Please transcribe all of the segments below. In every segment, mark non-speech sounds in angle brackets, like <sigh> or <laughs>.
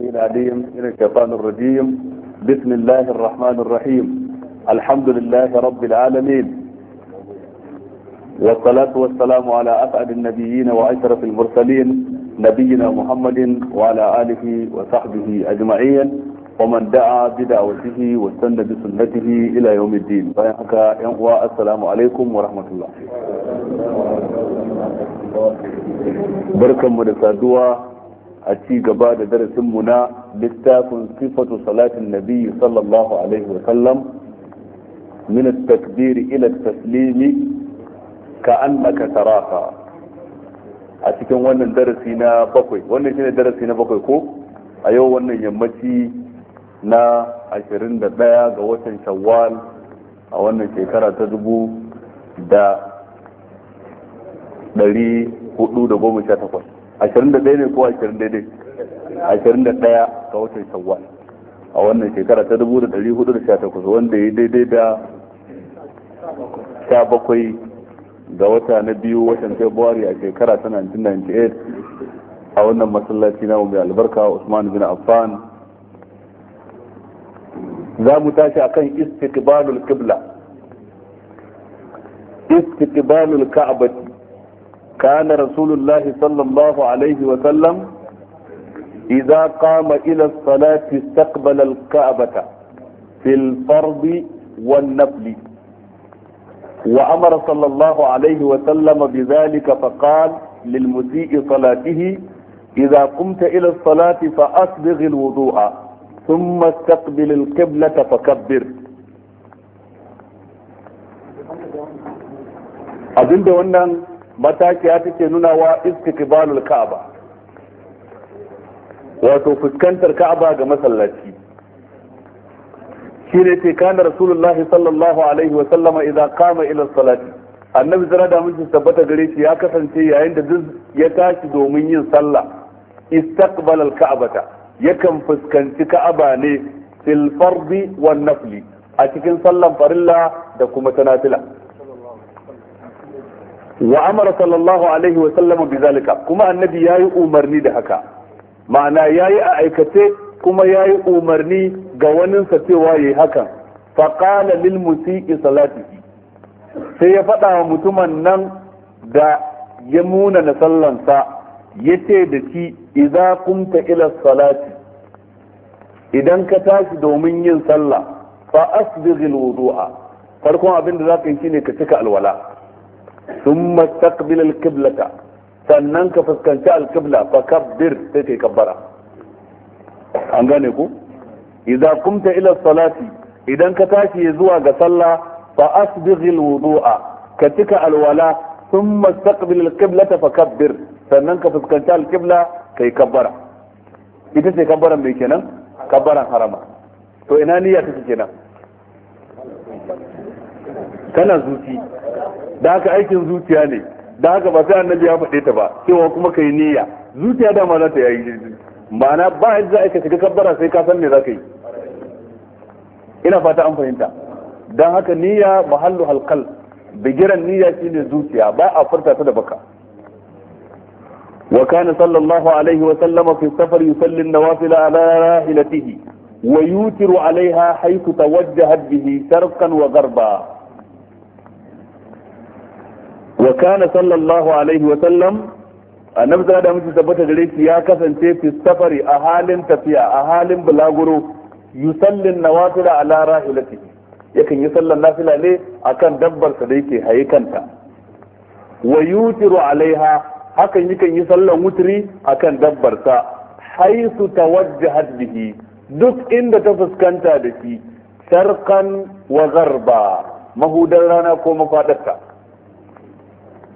الشيطان العليم من الشيطان الرجيم بسم الله الرحمن الرحيم الحمد لله رب العالمين والصلاة والسلام على أفعد النبيين وأشرف المرسلين نبينا محمد وعلى آله وصحبه أجمعين ومن دعا بدعوته واستنى بسنته إلى يوم الدين السلام عليكم ورحمة الله بركة من a ci gaba da darasinmu na littafin sifatu salatin nabi sallallahu alaihi wa sallam min at-takbir ila at-taslimi ka annaka tarafa a cikin wannan darasi na bakwai wannan shine darasi na bakwai ko a yau wannan yammaci na 21 ga watan shawwal a wannan shekara ta dubu da 418 ashirin da ɗaya ne ko ashirin daidai ashirin da ɗaya ga watan shawwal a wannan shekara ta dubu da ɗari hudu da sha takwas wanda ya daidai da sha bakwai ga wata na biyu watan february a shekara ta 1998 a wannan masallaci na mai albarka usman bin affan za mu tashi akan istiqbalul qibla istiqbalul ka'bati كان رسول الله صلى الله عليه وسلم إذا قام إلى الصلاة استقبل الكعبة في الفرض والنفل وأمر صلى الله عليه وسلم بذلك فقال للمسيء صلاته إذا قمت إلى الصلاة فأسبغ الوضوء ثم استقبل القبلة فكبر abinda wannan matakiya take nunawa istiqbalul ka'aba wato fuskantar ka'aba ga masallaci shine ce kana rasulullahi sallallahu alaihi wa sallama idza qama ila salati annabi zira da mun tabbata gare shi ya kasance yayin da duk ya tashi domin yin sallah istaqbalal ka'abata yakan fuskanci ka'aba ne fil fardi wan nafli a cikin sallan farilla da kuma tanafila wa amara sallallahu alaihi wa sallama bizalika kuma annabi yayi umarni da haka ma'ana yayi a aikace kuma yayi umarni ga waninsa cewa yayi hakan fa qala lil musii salati sai ya faɗa wa mutumin nan da ya muna na sallansa yace da shi idza kumta ila salati idan ka tashi domin yin sallah fa asbighil wudu'a farkon abin da zaka yi shine ka cika alwala ثم استقبل القبلة sannan ka fuskanci alkibla fa kabbir sai kai kabbara an gane ku idan kumta ila salati idan ka tashi zuwa ga sallah fa asbighil wudu'a ka cika alwala thumma istaqbil alqiblata fa kabbir sannan ka fuskanci alkibla kai kabbara ita ce kabbaran mai kenan kabbaran harama to ina niyya take kenan tana zuci da haka aikin zuciya ne da haka ba sai annabi ya faɗe ta ba cewa kuma kai niyya zuciya dama za ta yi ma'ana ba yadda za a ka shiga kabbara sai ka san me za ka yi ina fata an fahimta don haka niyya mahallu halkal bigiran niyya shine zuciya ba a furta ta da baka وكان صلى الله عليه وسلم في السفر يصلي النوافل على راحلته ويوتر عليها حيث توجهت به wa وغربا wa kana sallallahu alaihi wa sallam annabi da da mutum tabbata gare ya kasance fi safari a halin tafiya a halin bulaguro yusallin nawafila ala rahilati yakan yi sallan nafila ne akan dabbar sa da yake haye kanta wa yutiru alaiha hakan yakan yi sallan wutri akan dabbar sa haisu tawajjahat bihi duk inda ta fuskanta da shi sharqan wa gharba mahudar rana ko mafadarta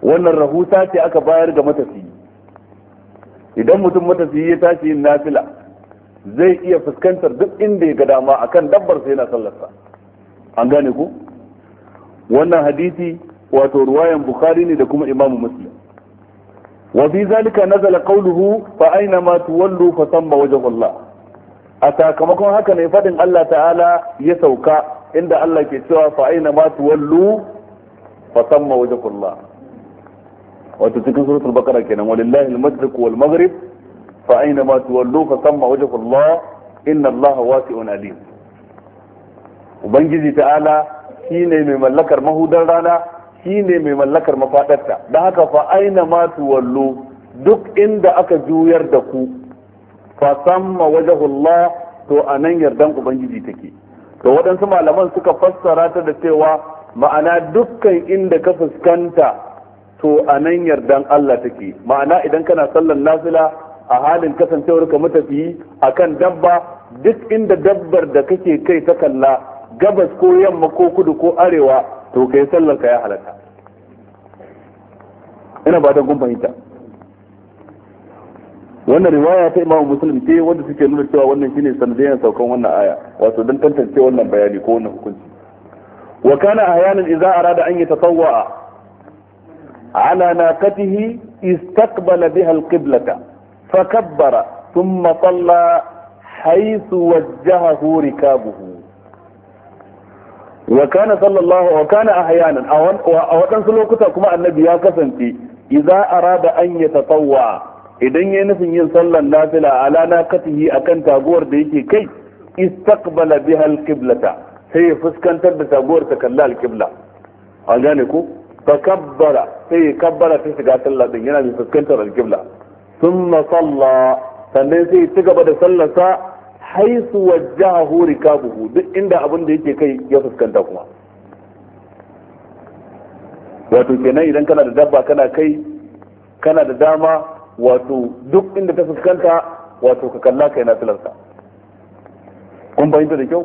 wannan rahuta ce aka bayar ga matafiyi idan mutum matafiyi ya tashi yin nafila zai iya fuskantar duk inda ya ga dama akan dabbar sai yana sallarsa an gane ku wannan hadisi wato ruwayan bukhari ne da kuma imamu muslim wa fi zalika nazala qawluhu fa aina ma tuwallu fa thamma wajhu a sakamakon haka ne fadin Allah ta'ala ya sauka inda Allah ke cewa fa aina ma tuwallu fa thamma wajhu wato cikin suratul bakara kenan walillahi al-mashriq wal maghrib fa aina ma tuwallu fa thamma wajhu Allah inna Allah wasi'un alim ubangiji ta'ala shine mai mallakar mahudan rana shine mai mallakar mafadarta dan haka fa aina ma tuwallu duk inda aka juyar da ku fa thamma wajhu Allah to anan yardan ubangiji take to waɗansu malaman suka fassara ta da cewa ma'ana dukkan inda ka fuskanta to a nan yardan Allah take ma'ana idan kana sallan nafila a halin kasancewar ka matafiyi akan dabba duk inda dabbar da kake kai ta kalla gabas ko yamma ko kudu ko arewa to kai sallar ka ya halatta ina ba don fahimta wannan riwaya ta imamu muslim ce wanda suke nuna cewa wannan shine sanadiyan saukan wannan aya wato don tantance wannan bayani ko wannan hukunci wa kana ahyanan idza arada an yatatawwa على ناقته استقبل بها القبلة فكبر ثم صلى حيث وجهه ركابه وكان صلى الله وكان أحيانا أولا سلوكتا كما النبي يا كسنتي إذا أراد أن يتطوع idan ya nufin yin sallan nafila ala nakatihi akan taguwar da yake kai istaqbala biha alqiblata sai ya fuskantar da taguwar ta kalla alqibla an gane ko takabbara sai ya kabbara sai shiga sallah din yana mai fuskantar alƙibla thumma salla sannan sai ci gaba da sallarsa haisu wajjahu rikabuhu duk inda abin da yake kai ya fuskanta kuma wato kenan idan kana da dabba kana kai kana da dama wato duk inda ta fuskanta wato ka kalla kai na filarsa kun fahimta da kyau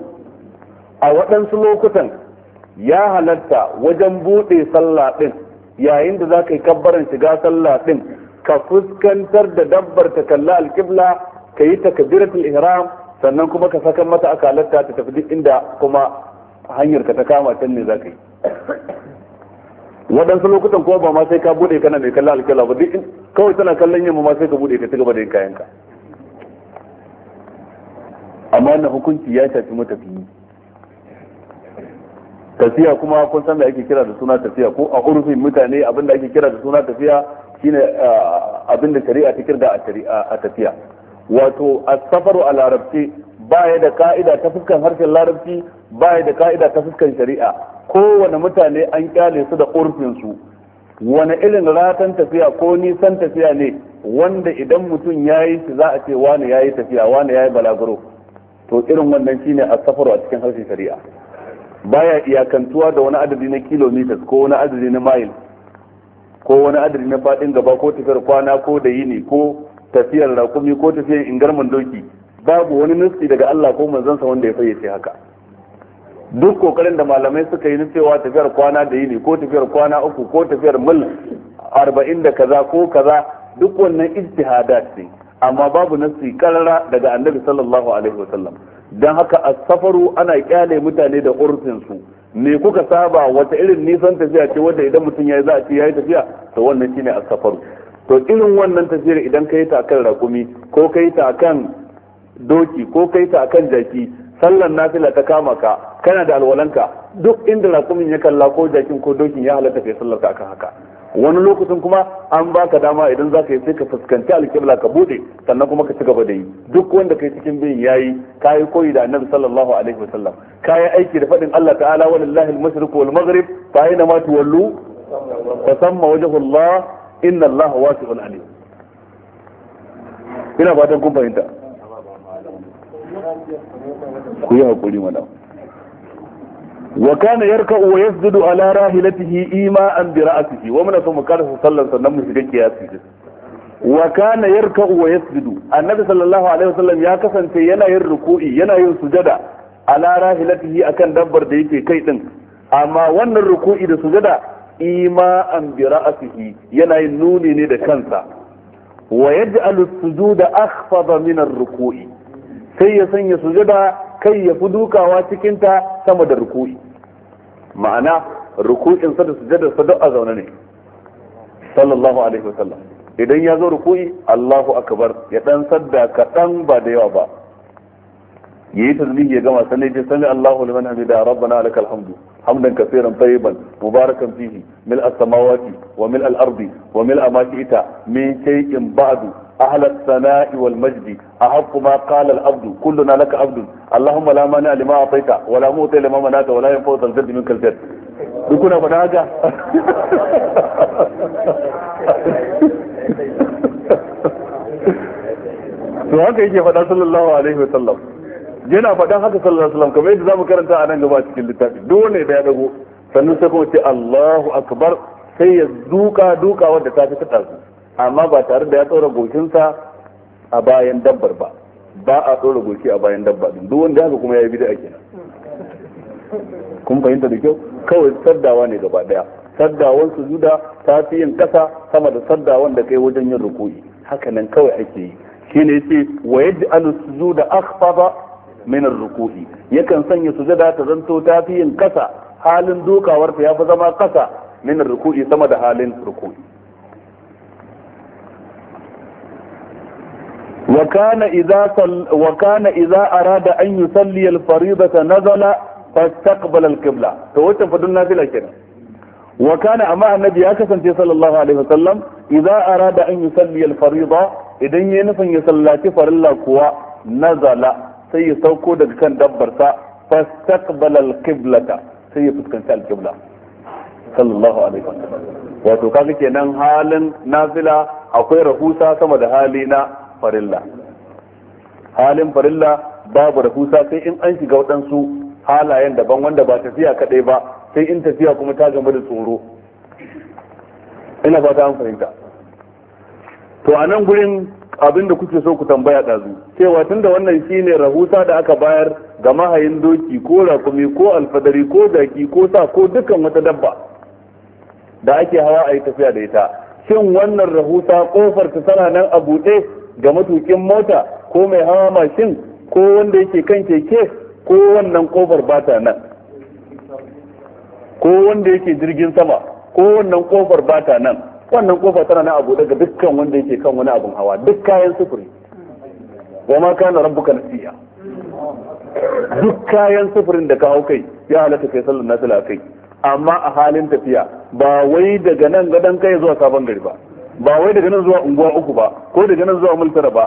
a waɗansu lokutan ya halatta wajen buɗe sallah ɗin yayin da za ka yi kabbaran shiga sallah din ka fuskantar da dabbar ta kalla alkibla ka yi takbiratul ihram sannan kuma ka saka mata akalarta ta tafi duk inda kuma hanyar ka ta kama can ne za ka yi waɗansu lokutan kuma ba ma sai ka buɗe kana mai kalla alkibla ba duk kawai tana kallon yamma ma sai ka buɗe ka ci gaba da yin kayanka amma na hukunci ya shafi matafiyi tafiya kuma kun san da ake kira da suna tafiya ko a urfin mutane abin da ake kira da suna tafiya shine ah, abin da shari'a ta kirda a tafiya wato as-safaru a larabci baya da ka'ida ta fuskan harshen larabci baya da ka'ida ta fuskan shari'a kowane mutane an kyale su da urfin su wani irin ratan tafiya ko nisan tafiya ne wanda idan mutum ya yi shi za a ce wani ya yi tafiya wani ya yi balaguro to irin wannan shine as-safaru a cikin harshen shari'a baya iyakantuwa da wani adadi na kilometers ko wani adadi na mile ko wani adadi na fadin gaba ko tafiyar kwana ko da yini ko tafiyar rakumi ko tafiyar ingarman doki babu wani nufi daga Allah ko manzansa wanda ya fayyace haka duk kokarin da malamai suka yi na cewa tafiyar kwana da yini ko tafiyar kwana uku ko tafiyar mil arba'in da kaza ko kaza duk wannan ijtihadat ne amma babu nassi karara daga annabi sallallahu alaihi wasallam dan haka a safaru ana kyale mutane da urfin su me kuka saba wata irin nisan tafiya ce wanda idan mutum yayi za a ce yayi tafiya to wannan shine a safaru to irin wannan tafiyar idan kai ta kan rakumi ko kai ta kan doki ko kai ta kan jaki sallan nafila ta kama ka kana da alwalanka duk inda rakumin ya kalla ko jakin ko dokin ya halatta kai sallar ka akan haka wani lokacin kuma an baka dama idan zaka yi sai ka fuskanci alkibla ka bude sannan kuma ka ci gaba da yi duk wanda kai cikin bin yayi yi koyi da annabi sallallahu alaihi wasallam yi aiki da fadin Allah ta'ala walillahi al-mashriq wal maghrib fa aina ma tuwallu fa samma wajhu Allah inna Allah wasi'un alim ina fatan kun fahimta ku yi hakuri madam wa kana yarka'u wa yasjudu ala rahilatihi ima'an bi ra'sihi wa muna so mu karasa sallan sannan mu shiga kiyasi wa kana yarka'u wa yasjudu annabi sallallahu ya kasance yana yin ruku'i yana yin sujada ala akan dabbar da yake kai din amma wannan ruku'i da sujada ima'an bi ra'sihi yana yin nuni ne da kansa Wayaji yaj'alu sujuda akhfada min rukui sai ya sanya sujada kai ya fi dukawa cikinta sama da ruku'i ma'ana ruku'in sa da sujjadar sa duk a zaune ne sallallahu alaihi wasallam idan ya zo ruku'i Allahu akbar ya dan sadda kadan ba da yawa ba yayi tasbih ya gama sannan yace sami Allahu liman hamida rabbana lakal hamdu hamdan kaseeran tayyiban mubarakan fihi mil as-samawati wa mil al-ardi wa mil ma shi'ta min shay'in ba'du أهل الثناء والمجد أحق ما قال العبد كلنا لك عبد اللهم لا مانع لما أعطيت ولا مؤتي لما منعت ولا ينفع الجد منك الجد يكون فناجة to haka yake faɗa sallallahu alaihi wasallam yana faɗan haka sallallahu alaihi wasallam kamar yadda zamu karanta a nan gaba cikin littafi dole da ya dago sannan sai kuma ce Allahu akbar sai ya duka duka wanda ta fi ta amma ba tare da ya tsora goshinsa a bayan dabbar ba ba a tsora goki a bayan dabba din duk wanda haka kuma ya yi bid'a kenan kun fahimta da kyau kawai saddawa ne gaba daya saddawan sujuda ta fi yin kasa sama da saddawan da kai wajen yin ruku'i haka nan kawai ake yi shine yace wa yaj'alu sujuda akhfada min ruku'i yakan sanya sujada ta zanto ta fi yin kasa halin dokawar ta yafi zama kasa min ruku'i sama da halin ruku'i wa kana idza wa kana idza arada an yusalli al-fariidata nazala fastaqbala al-qibla to wata fadun nafila kenan وكان أما النبي أكسن صلى الله عليه وسلم إذا أراد أن يصلي الفريضة إذن ينفن يصلى كفر الله كوا نزل sai ya sauko daga kan dabbarsa fastaqbala qiblata sai ya fuskanci al al-qibla sallallahu alaihi wasallam wato kaga kenan halin nafila akwai rahusa sama da hali na farilla halin farilla babu rahusa sai in an shiga waɗansu halayen daban wanda ba tafiya kaɗai ba sai in tafiya kuma ta gama da tsoro ina fata an fahimta to a nan gurin abinda kuke so ku tambaya ɗazu cewa da wannan shine rahusa da aka bayar ga mahayin doki ko rakumi ko alfadari ko daki ko sa ko dukkan wata dabba da ake hawa a yi tafiya da ita shin wannan rahusa kofar ta tana nan a buɗe ga matukin mota ko mai hawa mashin ko wanda yake kan keke ko wannan kofar ba ta nan ko wanda yake jirgin sama ko wannan kofar ba ta nan wannan kofa tana na abu daga dukkan wanda yake kan wani abin hawa duk kayan sufuri wa ma kana rabbuka nasiya duk kayan sufurin da ka hau kai ya halatta kai sallar nasu kai amma a halin tafiya ba wai daga nan gadon kai zuwa sabon gari ba ba wai daga nan zuwa unguwa uku ba ko daga nan zuwa multara ba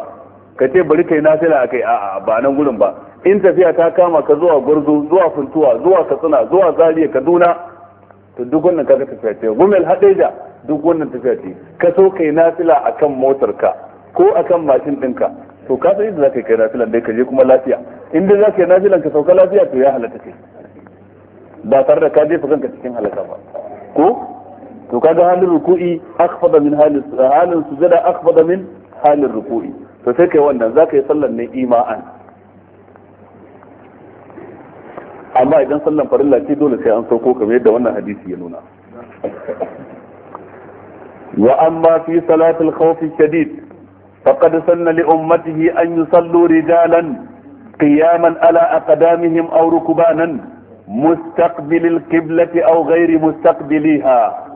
ka ce bari kai na a kai a'a ba nan gurin ba in tafiya ta kama ka zuwa gwarzo zuwa funtuwa zuwa katsina zuwa zariya kaduna to duk wannan kaga tafiya ce gumel hadeja duk wannan tafiya ce ka so kai nafila a kan motarka ko a kan mashin ɗinka to ka san inda ka kai nafila dai ka je kuma lafiya inda ka yi nafilan ka sauka lafiya to ya halatta ce ba tare da ka jefa kanka cikin halaka ba ko to kaga halin ruku'i akhfada min halin halin sujada akhfada min halin ruku'i to sai kai wannan za ka yi sallan ne ima'an amma idan sallan farilla ce dole sai an sauko kamar yadda wannan hadisi ya nuna وأما في صلاة الخوف الشديد فقد سن لأمته أن يصلوا رجالا قياما على أقدامهم أو ركبانا مستقبل القبلة أو غير مستقبليها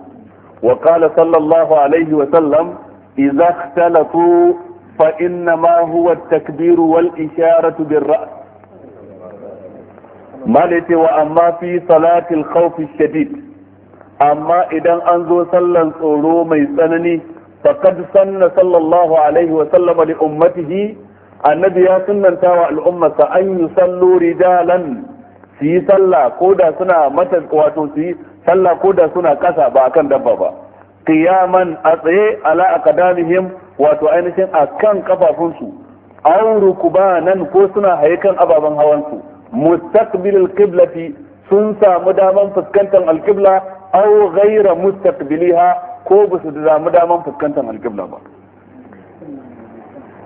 وقال صلى الله عليه وسلم إذا اختلطوا فإنما هو التكبير والإشارة بالرأس مالتي وأما في صلاة الخوف الشديد amma idan an zo sallan tsoro mai tsanani faqad sanna sallallahu alaihi wa sallama li ummatihi annabi ya sunnanta wa al'ummarsa an yi sallu rijalan su yi sallah ko da suna mata wato su yi sallah ko da suna kasa ba akan dabba ba qiyaman a tsaye ala aqdamihim wato ainihin akan kafafunsu aw rukbanan ko suna haye kan ababen hawansu mustaqbilil qiblati sun samu daman fuskantar alqibla aw ghayra mustaqbiliha ko ba su zamu daman fuskantar alqibla ba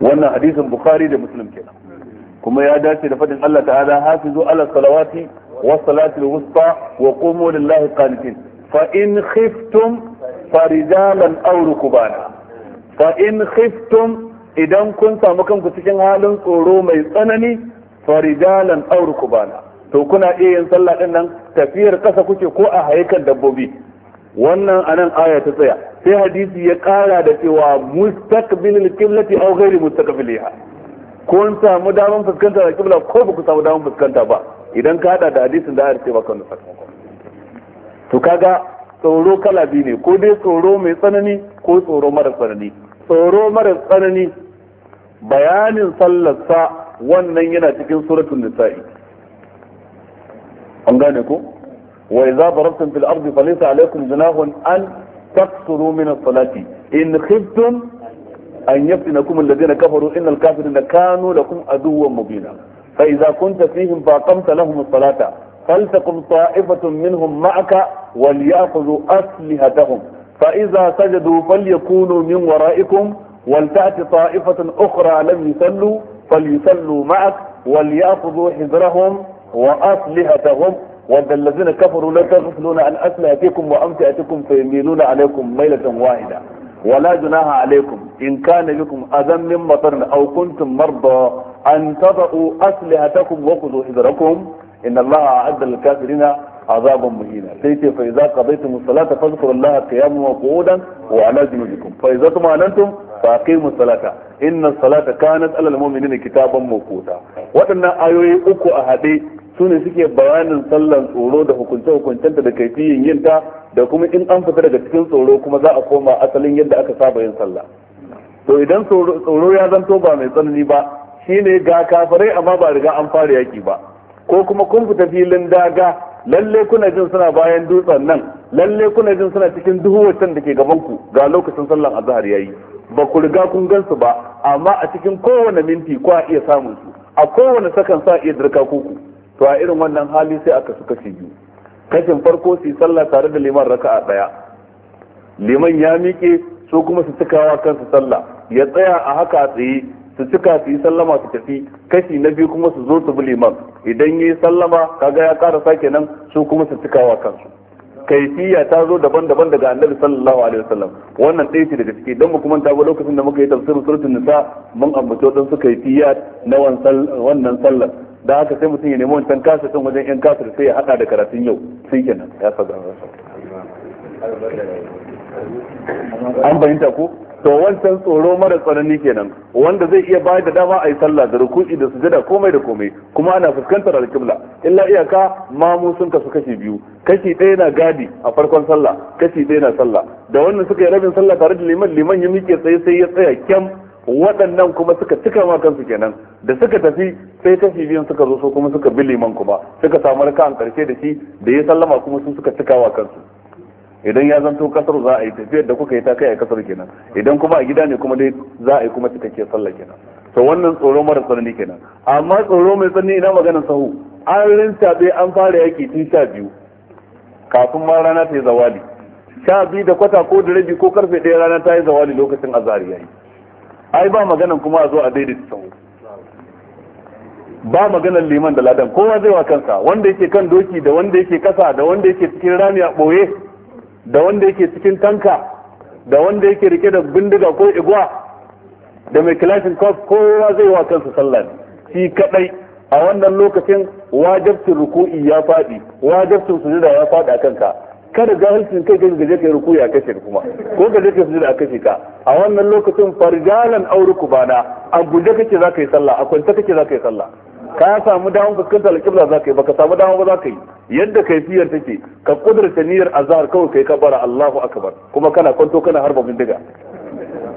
wannan hadisin bukhari da muslim kenan kuma ya dace da fadin Allah ta'ala hafizu ala salawati was salati wusta wa qumu lillahi qanitin fa in khiftum farijalan aw rukbana fa in khiftum idan kun samu kanku cikin halin tsoro mai tsanani farijalan aw rukbana to kuna iya yin sallah din nan tafiyar ƙasa kuke ko a haikan dabbobi wannan anan aya ta tsaya sai hadisi ya ƙara da cewa mustaqbilil qiblati aw ghairi mustaqbiliha kun samu daman fuskanta da kibla ko ba ku samu daman fuskanta ba idan ka hada da hadisin da ayar ce baka wani sakamakon to kaga tsoro kala biyu ne ko dai tsoro mai tsanani ko tsoro mara tsanani tsoro mara tsanani bayanin sallarsa wannan yana cikin suratul nisa'i an gane ku wa idza darabtum fil ardi falaysa alaykum junahun an taqsuru min as-salati in khiftum an yaftinakum alladhina kafaru innal kafirina kanu lakum aduwwan mubina fa idza kunta fihim fa aqamta lahum as-salata فلتقم طائفة منهم معك وليأخذوا أسلحتهم فإذا سجدوا فليكونوا من ورائكم ولتأت طائفة أخرى لم يسلوا فليسلوا معك وليأخذوا حذرهم وأسلحتهم وأن الذين كفروا لا تغفلون عن أسلحتكم وأمتعتكم فيميلون عليكم ميلة واحدة ولا جناح عليكم إن كان بكم أذى من مطر أو كنتم مرضى أن تضعوا أسلحتكم وخذوا حذركم إن الله أعد للكافرين عذابا مهينا سيتي فإذا قضيتم الصلاة فاذكروا الله قياما وقعودا وعلى جنوبكم فإذا أعلنتم fa salata inna salata kanat alal mu'minina kitaban mawquta waɗannan ayoyi uku a haɗe su suke bayanin sallan tsoro da hukunce hukuncenta da kaifiyin yinta da kuma in an fita daga cikin tsoro kuma za a koma asalin yadda aka saba yin sallah to idan tsoro ya zanto ba mai tsanani ba shine ga kafirai amma ba riga an fara yaki ba ko kuma kun fita filin daga lalle kuna jin suna bayan dutsen nan lalle kuna jin suna cikin duhu wacce da ke gaban ku ga lokacin sallan azhar yayi ba ku riga kun gansu ba amma a cikin kowane minti ko a iya samun su a kowane sakan sa iya dirka kuku to a irin wannan hali sai aka suka ci biyu kashin farko su yi sallah tare da liman raka a ɗaya. liman ya miƙe su kuma su cikawa kansu sallah ya tsaya a haka tsaye su cika su yi sallama su tafi kashi na biyu kuma su zo su bi liman idan ya yi sallama kaga ya ƙara sake nan su kuma su cikawa kansu kaifiya ta zo daban-daban daga annabi sallallahu alaihi wasallam wannan ɗaya ce daga ciki don mu kuma ta ba lokacin da muka yi tafsirin suratul nisa mun ambaci su kaifiya na wannan sallar da haka sai mutum ya nemi wancan kasa tun wajen yan kasar sai ya hada da karatun yau sai kenan ya faɗa an fahimta ko to wancan tsoro mara tsanani kenan wanda zai iya bayar da dama a yi sallah da ruku'i da sujada komai da komai kuma ana fuskantar alkibla illa iyaka mamu sun kasu kashi biyu kashi ɗaya na gadi a farkon sallah kashi ɗaya na sallah da wannan suka yi rabin sallah tare da liman liman ya miƙe tsaye sai ya tsaya kyam waɗannan kuma suka cika ma kansu kenan da suka tafi sai kashi biyun suka zo su kuma suka bi liman kuma suka samu raka'an ƙarshe da shi da ya sallama kuma sun suka cika wa kansu idan ya zanto kasar za a yi tafiyar da kuka yi ta kai a kasar kenan idan kuma a gida ne kuma dai za a yi kuma cikakke sallah kenan to wannan tsoro mara tsanani kenan amma tsoro mai tsanani ina maganar sahu an rinta bai an fara yaki tun sha biyu kafin ma rana ta yi zawali sha biyu da kwata ko da rabi ko karfe ɗaya rana ta yi zawali lokacin azhar yayi ai ba maganan kuma a zo a daidaita sahu ba maganar liman da ladan kowa zai wa kansa wanda yake kan doki da wanda yake kasa da wanda yake cikin rami a ɓoye da wanda yake cikin tanka da wanda yake rike da bindiga ko igwa da mai kilashin kof kowa zai wa kansa sallah shi kadai a wannan lokacin wajabcin ruku'i ya faɗi wajabcin sujuda ya faɗi a kanka kada jahilcin kai kai gaje kai ruku'i a kashe kuma ko gaje kai sujuda a kashe ka a wannan lokacin farjalan auruku bana, a guje kake za ka yi sallah a kwanta kake za ka yi sallah ka samu damar fuskantar alƙibla za ka yi baka samu damar ba za ka yi yadda fiyar take ka kudurta niyyar azhar kawai kai kabara Allahu akbar kuma kana kwanto kana harba bindiga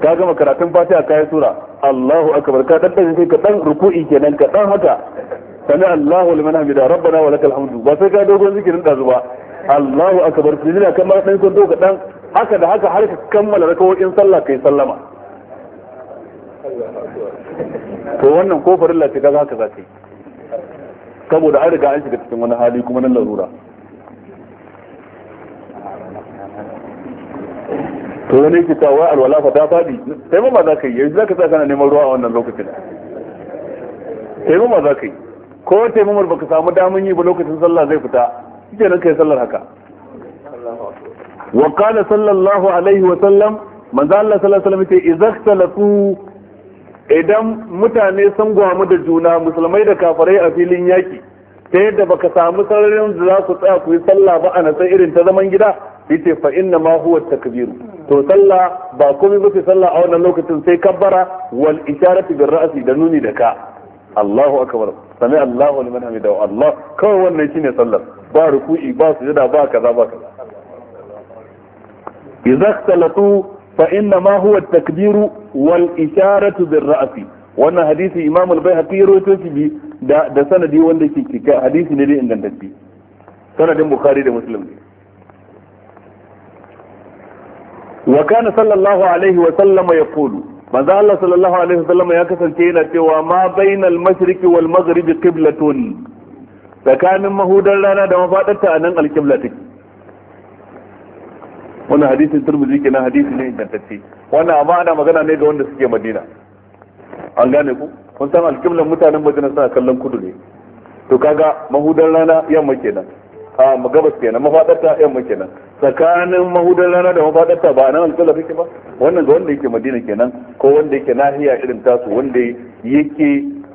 ka gama karatun fatiha ka yi sura Allahu akbar ka dan dace ka dan ruku'i kenan ka dan haka sami Allahu liman hamida rabbana wa lakal hamdu ba sai ka dogon zikirin da zuba Allahu akbar sai ina kamar dan kwanto ka dan haka da haka har ka kammala rakawoyin sallah kai sallama to wannan ko farilla ka za ka yi saboda an riga an shiga cikin wani hali kuma nan larura to wani yake ta wai alwala fa ta fadi sai ma za ka yi yanzu za ka sa kana neman ruwa a wannan lokacin sai ma za ka yi ko sai ma baka samu damun yi ba lokacin sallah zai fita kike nan kai sallar haka wa qala sallallahu alaihi wa sallam manzo Allah sallallahu alaihi wa sallam yace idza idan mutane sun gwamu da juna musulmai da kafirai a filin yaki ta yadda baka samu sararin da za ku tsaya ku yi sallah ba a natsa irin ta zaman gida yace fa inna ma huwa takbiru to sallah ba komai ba sallah a wannan lokacin sai kabbara wal isharatu bir ra'si da nuni da ka Allahu akbar sami Allahu liman hamida wa Allah kawai wannan shine sallar ba ruku'i ba sujada ba kaza ba kaza idza ikhtalatu fa mahuwar takbiru wal isharatu bir ra'si wannan hadisi imam al-baihaqi ya rawaito shi da sanadi wanda ke cika hadisi ne da ingantacce sanadin bukhari da muslim ne wa sallallahu alaihi wa sallam yaqulu manzo Allah sallallahu alaihi wa sallam ya kasance yana cewa ma bainal mashriqi wal maghribi tsakanin mahudar rana da mafadarta anan al-qibla wannan hadisin turmuzi kenan hadisi ne ingantacce wannan amma ana magana ne ga wanda suke madina an gane ku kun san alkiblan mutanen madina suna kallon kudu ne to kaga mahudan rana yamma kenan a magabas kenan mafadarta yamma kenan tsakanin mahudan rana da mafadarta ba nan alkibla kake ba wannan ga wanda yake madina kenan ko wanda yake nahiya irin tasu wanda yake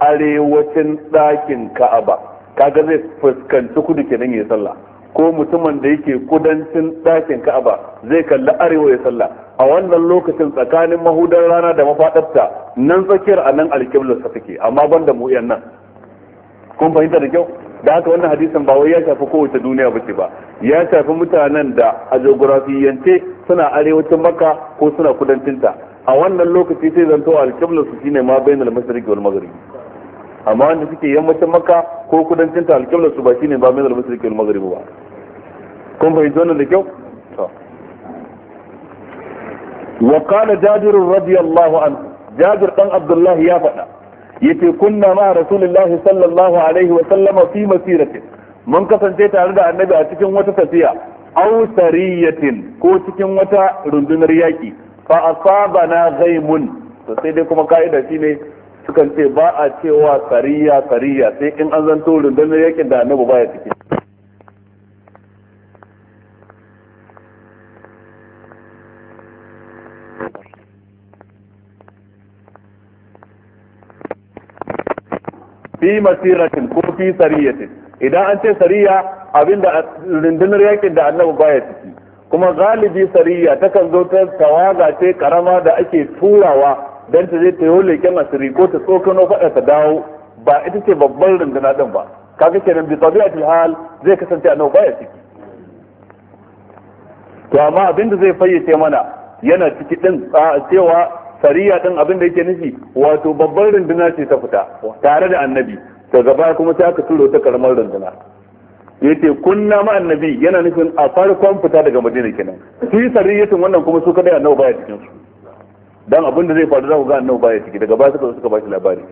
arewacin ɗakin ka'aba kaga zai fuskanci kudu kenan ya sallah ko mutumin da yake kudancin ɗakin ka'aba zai kalli arewa ya sallah a wannan lokacin tsakanin mahudar rana da mafaɗarta nan tsakiyar a nan ta take amma ban da mu nan kun fahimta da kyau da haka wannan hadisin ba wai ya shafi kowace duniya bace ba ya shafi mutanen da a geografiyance suna arewacin maka ko suna kudancinta a wannan lokaci sai zanto alƙiblarsu shine ma bainal mashriqi wal magari. amma wanda suke yammacin maka ko kudancin ta alƙiblar su ba shine ba mai zalmi su rikin maghrib ba kun fahimci wannan da kyau wa qala jabir radiyallahu anhu jabir dan abdullahi ya faɗa yace kunna ma rasulullahi sallallahu alaihi wa sallama fi masiratin mun kasance tare da annabi a cikin wata tafiya aw sariyatin ko cikin wata rundunar yaki fa asabana ghaimun to sai dai kuma kaida shine sukan ce ba a cewa sariya sariya sai in an zanto rundunar yakin da annabu baya ciki fi masiratin ko fi sariyatin idan an ce sariya abinda rundunar yakin da annabu baya ciki kuma galibi sariya takan zo ta tawaga ce karama da ake turawa dan ta je ta yi leke masu riko ta tsokano faɗa ta dawo ba ita ce babban rundunar ɗin ba kaga kenan bi tabi'atul hal zai kasance a annabi baya ciki to amma abin da zai fayyace mana yana ciki din cewa sariya din abin da yake nufi wato babban runduna ce ta fita tare da annabi ta gaba kuma sai aka turo ta karamar runduna ce kunna ma annabi yana nufin a farkon fita daga madina kenan su yi sariyatin wannan kuma su kadai annabi baya cikin su dan abin da zai faru za ku ga annabi baya ciki daga baya suka suka bashi labari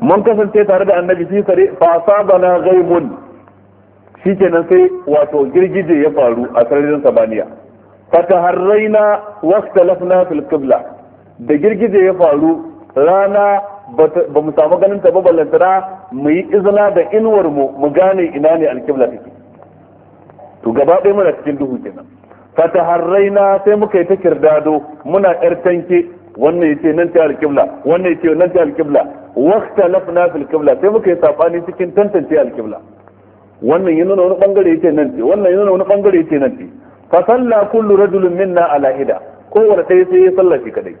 mun kasance tare da annabi fi sare fa sabana ghaibun shikenan sai wato girgije ya faru a sararin samaniya fataharraina waqtalafna fil qibla da girgije ya faru rana ba mu samu ganin ta ba ballantara mu yi izina da inuwar mu mu gane ina ne alkibla take to gaba ɗaya muna cikin duhu kenan fataharraina sai muka yi ta kirdado muna yar tanke wannan yace nan ta alqibla wannan yace nan ta alqibla lafna fil qibla sai muka yi sabani cikin tantance alqibla wannan yana wani bangare yace nan ce wannan yana wani bangare yace nan ce fa salla kullu rajulin minna ala hida kowanne ɗaya sai ya salla shi kadai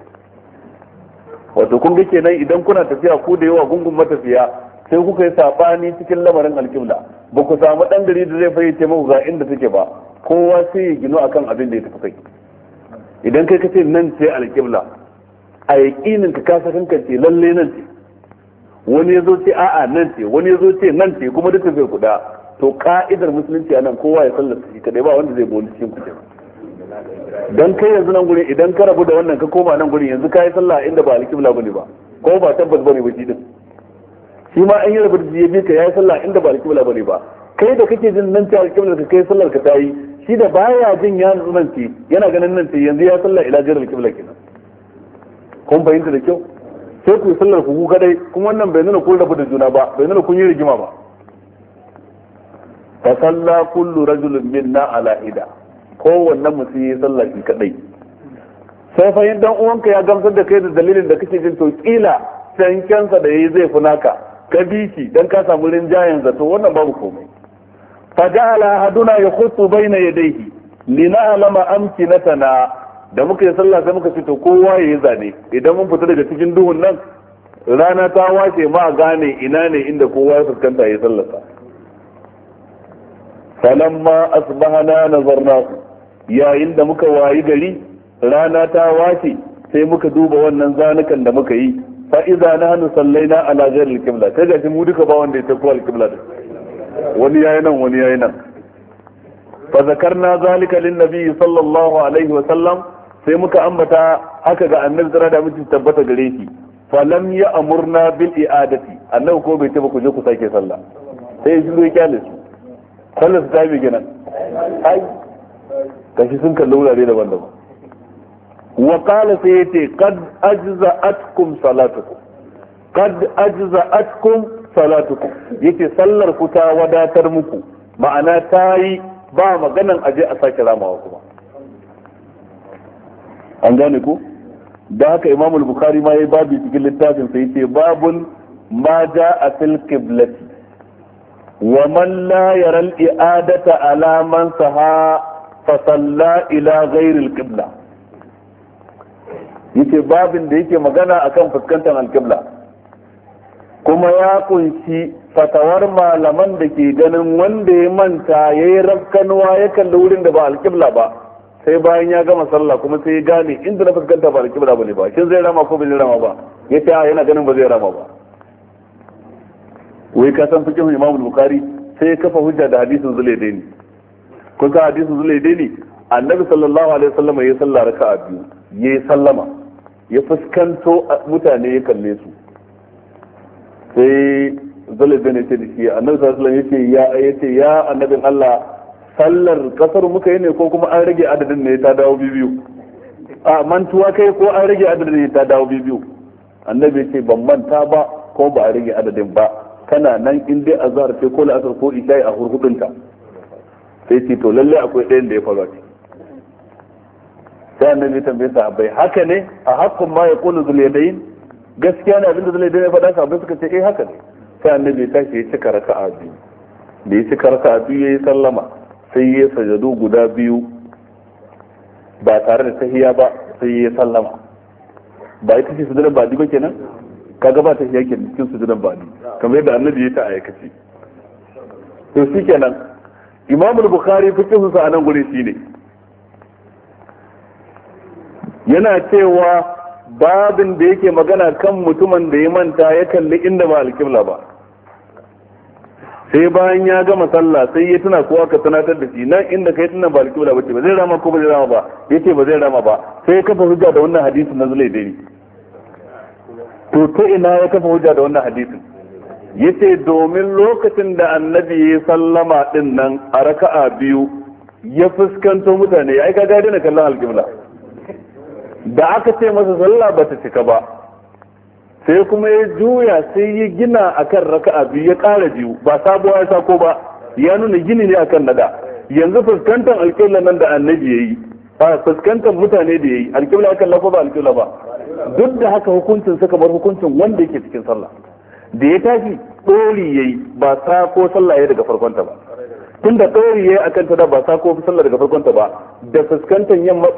wato kun ga kenan idan kuna tafiya ku da yawa gungun matafiya sai kuka yi sabani cikin lamarin alqibla ba ku samu dan gari da zai fayyace muku ga inda take ba kowa sai ya gino akan abin da ya tafi kai idan kai kace nan ce alqibla a yaƙinin ka kasa kankan ce lalle nan ce wani ya zo ce a'a nan ce wani ya zo ce nan ce kuma duka zai kuda to ka'idar musulunci a nan kowa ya sallar shi kadai ba wanda zai boli cikin kuɗi dan kai yanzu nan gurin idan ka rabu da wannan ka koma nan gurin yanzu ka yi sallah inda ba alƙibla bane ba ko ba tabbas bane ba shi din shi ma an yi rabu da ya bi ka yayi sallah inda ba alƙibla bane ba kai da kake jin nan ta alƙibla ka kai sallar ka tayi shi da baya jin ya nan ce yana ganin nan ce yanzu ya sallah ila jirar alkibla kenan kun fahimta da kyau sai ku yi sallar ku kadai kuma wannan bai nuna kun rabu da juna ba bai nuna kun yi rigima ba fa salla kullu rajulin minna ala ida kowanne mutum yi sallah shi kadai sai fa yin dan uwanka ya gamsar da kai da dalilin da kake jin to kila cancansa da yayi zai funaka ka bi shi dan ka samu rinjayen zato wannan babu komai fa ja'ala haduna yakhutu bayna yadayhi lina'lama amkinatana da muka yi sallah sai muka fito kowa ya yi zane idan mun fita daga cikin duhun nan rana ta wace ma gane ina ne inda kowa ya fuskanta ya sallasa falamma asbahana nazarna yayin da muka wayi gari rana ta wace sai muka duba wannan zanukan da muka yi fa idza nahnu sallaina ala ghairi al-qibla kai ga mu duka ba wanda ya tafi al-qibla wani yayi nan wani yayi nan fa zakarna zalika lin nabi sallallahu alaihi wa sallam sai muka ambata aka ga annabi tsara da mutum tabbata gare shi falam ya amurna bil i'adati annabi ko bai ce ba ku je ku sake sallah sai shi zai kyale su sallar su ta bi gina ai kashi sun kalla wurare daban-daban wa qala sai yace qad ajza'atkum salatukum qad ajza'atkum salatukum yace sallar ku ta wadatar muku ma'ana ta yi ba maganan aje a sake ramawa kuma an gane ko da haka imamul bukari bukhari ma yayi babu cikin littafin sai yace babul ma a fil qiblati wa man la yara al-i'adata ala man saha fa salla ila ghayr al-qibla yace babin da yake magana akan fuskantar al-qibla kuma ya kunshi fatawar malaman da ke ganin wanda ya manta yayi rafkanuwa ya kalli wurin da ba al-qibla ba sai bayan ya gama sallah kuma sai ya gane inda na fuskanta ba da kibra bane ba shin zai rama ko bai rama ba ya ce yana ganin ba zai rama ba wai ka san fikin Imam Bukhari sai ya kafa hujja da hadisin Zulaidaini kun san hadisin Zulaidaini annabi sallallahu alaihi wasallam ya sallah raka'a biyu ya sallama ya fuskanto mutane ya kalle su sai Zulaidaini ya ce da shi annabi sallallahu alaihi wasallam ya ce ya annabin Allah sallar kasar muka yi ne ko kuma an rage adadin ne ta dawo biyu a mantuwa kai ko an rage adadin ne ta dawo biyu annabi ce ban manta ba ko ba a rage adadin ba kana nan in dai azhar ce ko la'asar ko isha'i a hurhudunta sai ce to lalle akwai ɗayan da ya faru sai annabi tambaye sahabbai haka ne a hakkun ma ya kullu zuliyadain gaskiya ne abinda zuliyadain ya faɗa sahabbai suka ce eh haka ne sai annabi ya tashi ya cika raka'a biyu da ya cika raka'a biyu ya yi sallama sai ya sajadu guda biyu ba tare da tahiya ba sai ya sallama ba ita ce sujudan baɗi ba kenan kaga ba tahiya ke cikin sujudan baɗi kamar yadda annabi ya ta aikace to kenan imam al-bukhari su a nan gure shine yana cewa babin da yake magana kan mutumin da ya manta ya kalli inda ba alkibla ba sai bayan ya gama sallah sai ya tuna kowa ka tunatar da shi nan inda kai tunan ba alƙibla ce ba zai rama ko ba zai rama ba ya ce ba zai rama ba sai ya kafa hujja da wannan hadisin na zulai dai to ta ina ya kafa hujja da wannan hadisin ce domin lokacin da annabi ya sallama din nan a raka'a biyu ya fuskanto mutane ya aika gadi na kallon alƙibla da aka ce masa sallah ba ta cika ba sai kuma ya juya sai ya gina akan raka'a biyu ya ƙara biyu ba sabuwa ya sako ba ya nuna gini ne akan nada yanzu fuskantar alƙibla nan da annabi yi ba fuskantar mutane da ya yi alƙibla akan lafa ba alƙibla ba duk da haka hukuncin sa kamar hukuncin wanda yake cikin sallah da ya tashi ɗori yi ba sako sallah ya daga farkonta ba tun da yi a kan da ba sa ko sallar daga farkonta ba da fuskantar yamma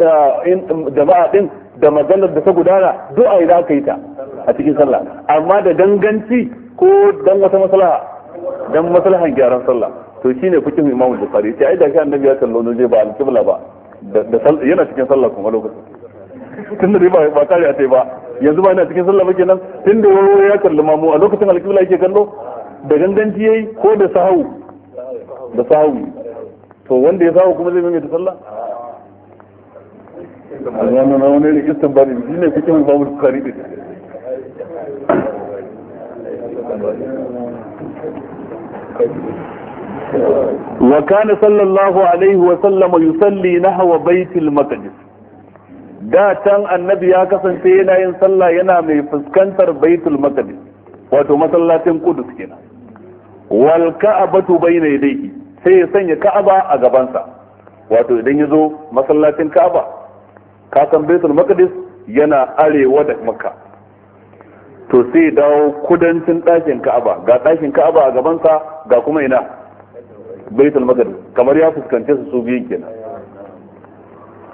jama'a din da maganar da ta gudana du'a za aka yi ta a cikin sallah amma da danganci ko dan wata maslaha dan maslahan gyaran sallah to shine fikin imamu bukhari sai ai da shi annabi ya kallo zai ba alqibla ba yana cikin sallah kuma lokacin tun da ba ba kare a ba yanzu ba yana cikin sallah ba kenan tun da ya kalli mamu a lokacin alqibla yake kallo da danganci yayi ko da sahau da sahu to wanda ya sahu kuma zai mai ta sallah na wani rikistan ba ne shi ne kuke babu da وكان da can annabi ya kasance yana yin sallah yana mai fuskantar baitul maqdis wato masallacin qudus kenan wal ka'abatu bayna yadayhi sai ya sanya ka'aba a gabansa wato idan ya zo masallacin ka'aba ka san baitul maqdis yana arewa da makka to sai ya dawo kudancin ɗakin ka'aba ga ɗakin ka'aba a gabansa ga kuma ina baitul maqdis kamar ya fuskance su su biyun kenan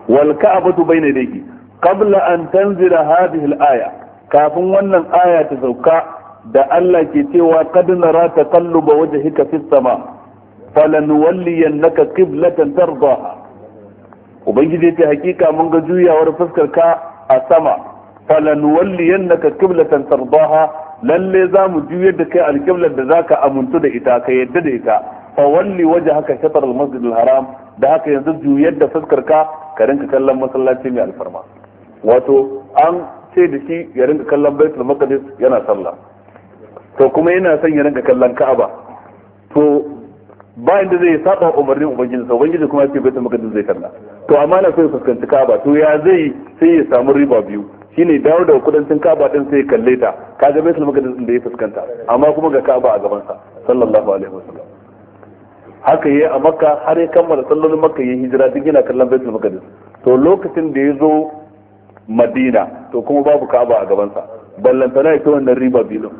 wal ka'abatu bayna yadayhi qabla an tanzila hadhihi al aya kafin wannan aya ta sauka da Allah ke cewa kad nara taqalluba wajhika fis sama falanuwalliyannaka qiblatan tardaha ubangiji ce hakika mun ga juyawar fuskar ka a sama falanuwalliyannaka qiblatan tardaha lalle za mu juyar da kai alƙiblar da zaka amintu da ita ka yadda da ita fa walli wajhaka shatr al-masjid al-haram da haka yanzu juyar da fuskar ka ka rinka kallon masallaci mai alfarma wato an ce da shi ya rinka kallon baitul maqdis yana sallah to kuma yana son ya rinka kallon ka'aba to ba inda zai saba umarnin ubangiji sa ubangiji kuma yake baitul maqdis zai kalla to amma na sai fuskanci kaba to ya zai sai ya samu riba biyu shine dawo da kudancin kaba din sai ya kalle ta kaga bai maqdis din da ya fuskanta amma kuma ga kaba a gaban sa sallallahu alaihi wasallam haka yayi a makka har ya kammala sallolin makka yayi hijira duk yana kallon baitul maqdis to lokacin da ya zo madina to kuma babu kaba a gaban sa ballantana ya ta wannan riba biyu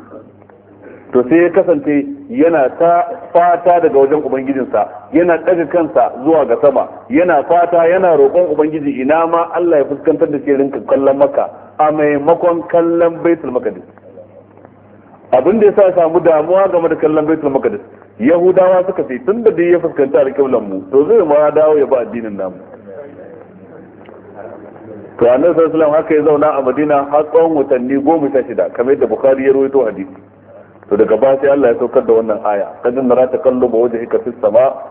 to sai ya kasance yana ta fata daga wajen ubangijinsa yana ɗaga kansa zuwa ga sama yana fata yana roƙon ubangiji ina ma Allah ya fuskantar da shirin rinka kallon maka a maimakon kallon baitul maqdis abin da yasa samu damuwa game da kallon baitul maqdis yahudawa suka ce tun da dai ya fuskanta alƙiblan mu to zai ma dawo ya ba addinin namu to annabi sallallahu alaihi wasallam haka ya zauna a Madina har tsawon watanni goma sha shida kamar yadda Bukhari ya rawaito hadisi to daga ba sai Allah ya saukar da wannan aya kad nara taqallubu ka fis sama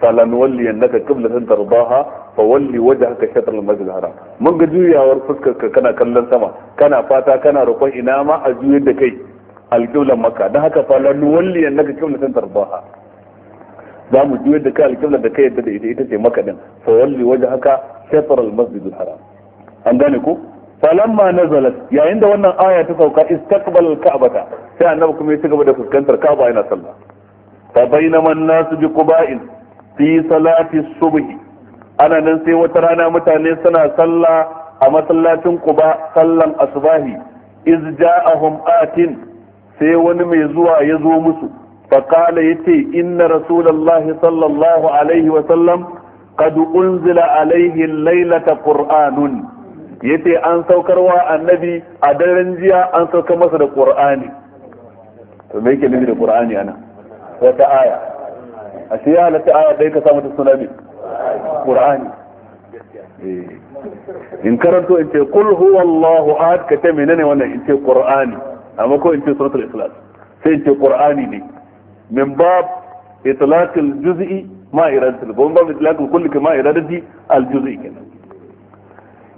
falanwalliyannaka qiblatan fa walli wajhaka shatr al-masjid al-haram mun ga juyawar fuskar ka kana kallon sama kana fata kana roƙon ina ma a juye da kai al alƙiblan makka dan haka falanwalliyannaka qiblatan tarbaha za mu juye da kai al al-qibla da kai yadda ita ita ce makka din fa walli wajhaka shatr al-masjid al-haram an gane ko falamma nazalat yayin da wannan aya ta sauka istaqbal ka'bata sai annabi kuma ya ci gaba da fuskantar ka'aba yana sallah fa bainama an-nasu bi quba'in fi salati subh ana nan sai wata rana mutane suna sallah a masallacin quba sallan asbahi iz ja'ahum atin sai wani mai zuwa ya zo musu fa qala yace inna rasulullahi sallallahu alaihi wa sallam qad unzila alaihin laylata qur'anun yace an saukarwa annabi a daren jiya an saukar masa da qur'ani to me yake nufi da qur'ani ana wata aya a sai ya halatta aya dai ka samu ta sunan qur'ani eh. in karanto in ce kul huwallahu ahad ka ta menene wannan in ce qur'ani amma ko in ce suratul ikhlas sai in ce qur'ani ne min bab itlaqil juz'i ma iradatul bab itlaqil kulli ma iradati al juz'i kenan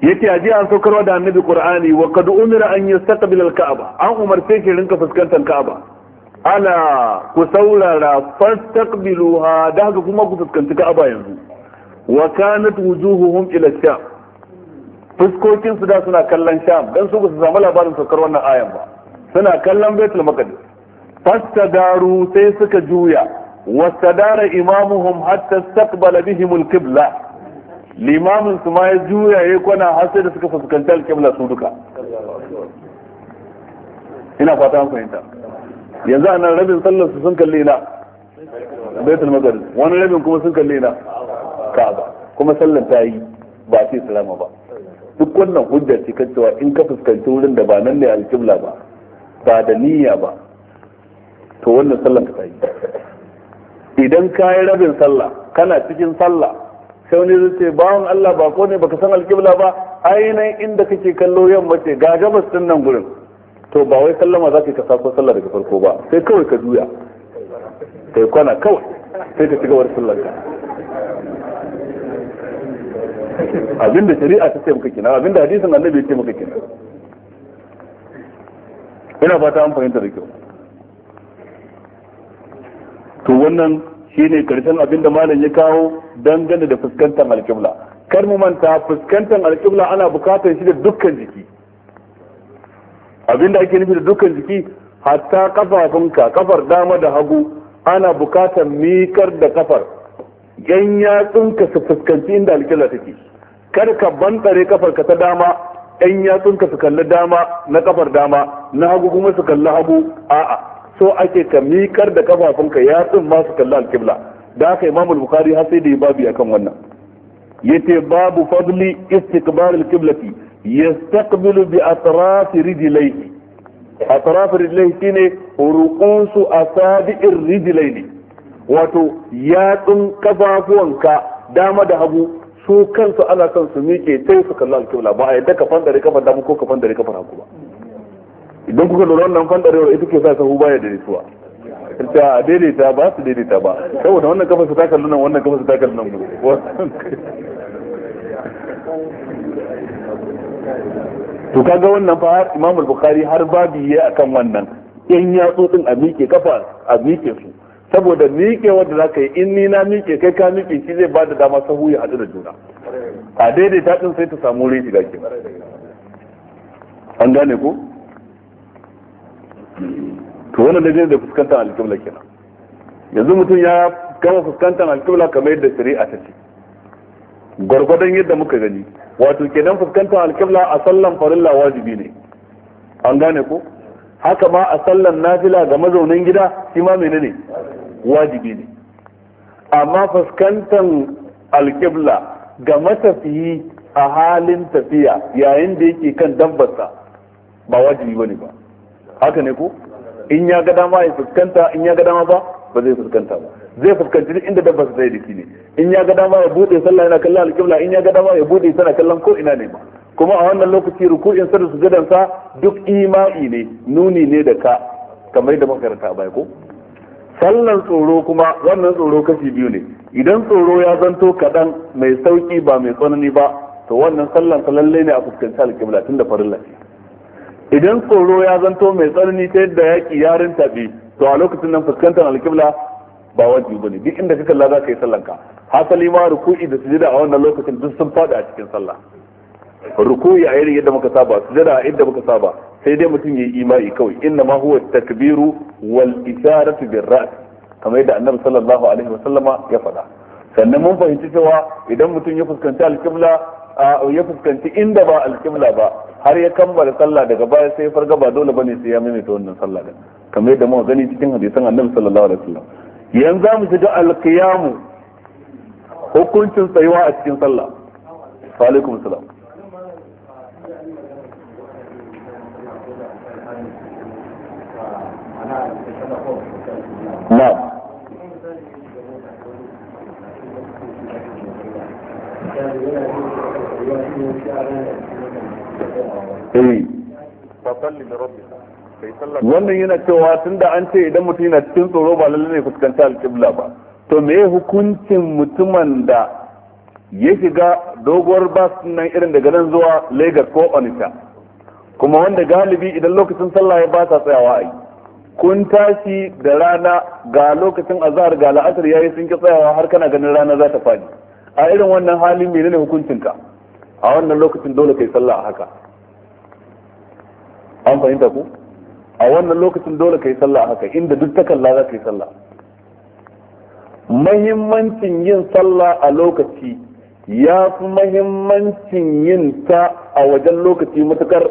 yace aje an saukarwa da annabi qur'ani wa kad umira an yastaqbil al ka'aba an umarce ki rinka fuskantar ka'aba ala ku saurara fastaqbiluha da haka kuma ku fuskanci ka'aba yanzu wa kanat wujuhuhum ila sham fuskokin su da suna kallon sham dan su ba su samu labarin saukar wannan ayan ba suna kallon baitul maqdis fastadaru sai suka juya wastadara imamuhum hatta istaqbala bihim al-qibla limamin su ma ya juya ya kwana har sai da suka fuskanci alƙibla su duka ina fata an fahimta yanzu a nan rabin sallar su sun kalli na? baitul maqdis wani rabin kuma sun kalli na? ka'aba kuma sallar ta yi ba a ce salama ba duk wannan hujjar ce kan cewa in ka fuskanci wurin da ba nan ne alƙibla ba ba da niyya ba to wannan sallar ka ta yi idan ka yi rabin sallah kana cikin sallah sai wani zai ce bawon Allah ba ko ne baka san alƙibla ba ainihin inda kake kallo yamma ce ga gabas din nan gurin to ba wai sallama za ka ka sako sallah daga farko ba sai kawai ka juya kai kwana kawai sai ka cigaba da sallar ka abinda shari'a ta ce maka kina abinda hadisin annabi ya ce maka kina ina fata an fahimta da kyau to wannan shine karshen abinda malam ya kawo dangane da fuskantar alƙibla kar mu manta fuskantar alƙibla ana bukatar shi da dukkan jiki abinda ake nufi da dukkan jiki hatta kafafunka kafar dama da hagu ana bukatar mikar da kafar yan yatsunka su fuskanci inda alƙibla take kar ka bantsare kafarka ta dama yan yatsunka su kalli dama na kafar dama na hagu kuma su kalli hagu a'a so ake ka mikar da kafafunka ya tsin masu kalla alkibla da imam imamul bukhari har sai da ya babu akan wannan yace babu fadli istiqbal al-qiblati yastaqbilu bi atraf rijlaihi atraf rijlaihi shine ruqusu asabi'ir rijlaini wato yatsun kafafuwanka dama da hagu su kansu ana son su miƙe sai su kalla alƙibla ba a yadda ka fandare kafan dama ko ka fandare kafar hagu ba idan kuka lura wannan fandarewar ita ke sa sahu baya da rituwa ta daidaita ba su daidaita ba saboda wannan kafa su takar nan wannan kafa su takar nan to kaga wannan fa har Imam Bukhari har babi ya akan wannan in ya tsotsin a miƙe kafa a miƙe su saboda miƙe wanda zaka yi in ni na miƙe kai ka miƙe shi zai bada dama sahu ya hadu da juna a daidaita din sai ta samu rishi da ke an gane ko to wannan zai da fuskantar alƙibla kenan yanzu mutum ya gama fuskantar alƙibla kamar yadda shari'a ta ce gwargwadon yadda muka gani wato kenan fuskantar alƙibla a sallan farilla wajibi ne an gane ko haka ma a sallan nafila ga mazaunin gida shi ma menene wajibi ne amma fuskantar alƙibla ga matafiyi a halin tafiya yayin da yake kan dabbarsa ba wajibi ba ne ba haka ne ko in ya ga dama ya fuskanta in ya ga dama ba ba zai fuskanta ba zai fuskanci duk inda dabba sai da ne in ya ga dama ya bude sallah yana kallon alƙibla in ya ga dama ya bude tana kallon ko ina ne ba kuma a wannan lokaci ruku'in sa da sujudan sa duk ima'i ne nuni ne da ka kamar da makaranta bai ko sallan tsoro kuma wannan tsoro kashi biyu ne idan tsoro ya zanto kadan mai sauki ba mai tsanani ba to wannan sallan sa ne a fuskanci alƙibla tun da farin lafiya. idan tsoro ya zanto mai tsanani ta yadda yaƙi ya rintaɓe to a lokacin nan fuskantar alƙibla ba wajibi bane duk inda ka kalla za ka yi sallanka hasali ma ruku'i da sujada a wannan lokacin duk sun faɗi a cikin sallah ruku'i a irin yadda muka saba sujada a yadda muka saba sai dai mutum yayi imani kawai inna ma huwa takbiru wal isharatu bir ra's kamar yadda annabi sallallahu alaihi wasallama ya faɗa sannan mun fahimci cewa idan mutum ya fuskanci alƙibla ya fuskanci inda ba alƙibla ba har ya kammala sallah daga baya sai farga ba dole bane sai ya maimaita wannan sallah din kamar yadda muka gani cikin hadisan annabi sallallahu alaihi wasallam yanzu mu shiga alqiyamu hukuncin tsayuwa a cikin sallah wa alaikum salam na'am eh wannan yana cewa tunda an ce idan mutum yana cikin tsoro ba lalle ne fuskanci alƙibla ba to me hukuncin mutumin da ya shiga doguwar bas nan irin daga nan zuwa Lagos ko onita kuma wanda galibi idan lokacin sallah ya basa tsayawa ai kun tashi da rana ga lokacin azhar ga la'asar yayi sun ki tsayawa har kana ganin rana za ta fadi a irin wannan halin menene hukuncinka a wannan lokacin dole kai sallah haka an fahimta ku a wannan lokacin dole ka yi sallah haka inda duk ta kalla za ka yi sallah mahimmancin yin sallah a lokaci ya fi mahimmancin yin ta a wajen lokaci matukar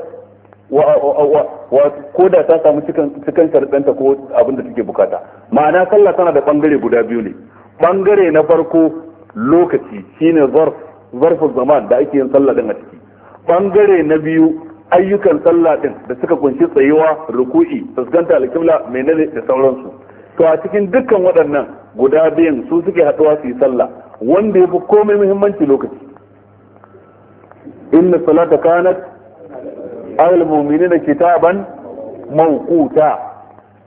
ko da ta samu cikin sharɗanta ko abin da take bukata ma'ana sallah tana da ɓangare guda biyu ne ɓangare na farko lokaci shine zarf zarfin zaman da ake yin sallah din a ciki ɓangare na biyu ayyukan sallah din da suka kunshi tsayuwa ruku'i fuskanta alkibla menene da sauransu to a cikin dukkan waɗannan guda biyan su suke haɗuwa su yi sallah wanda ya fi komai muhimmanci lokaci inna salata kanat ayyul mu'minina kitaban mawquta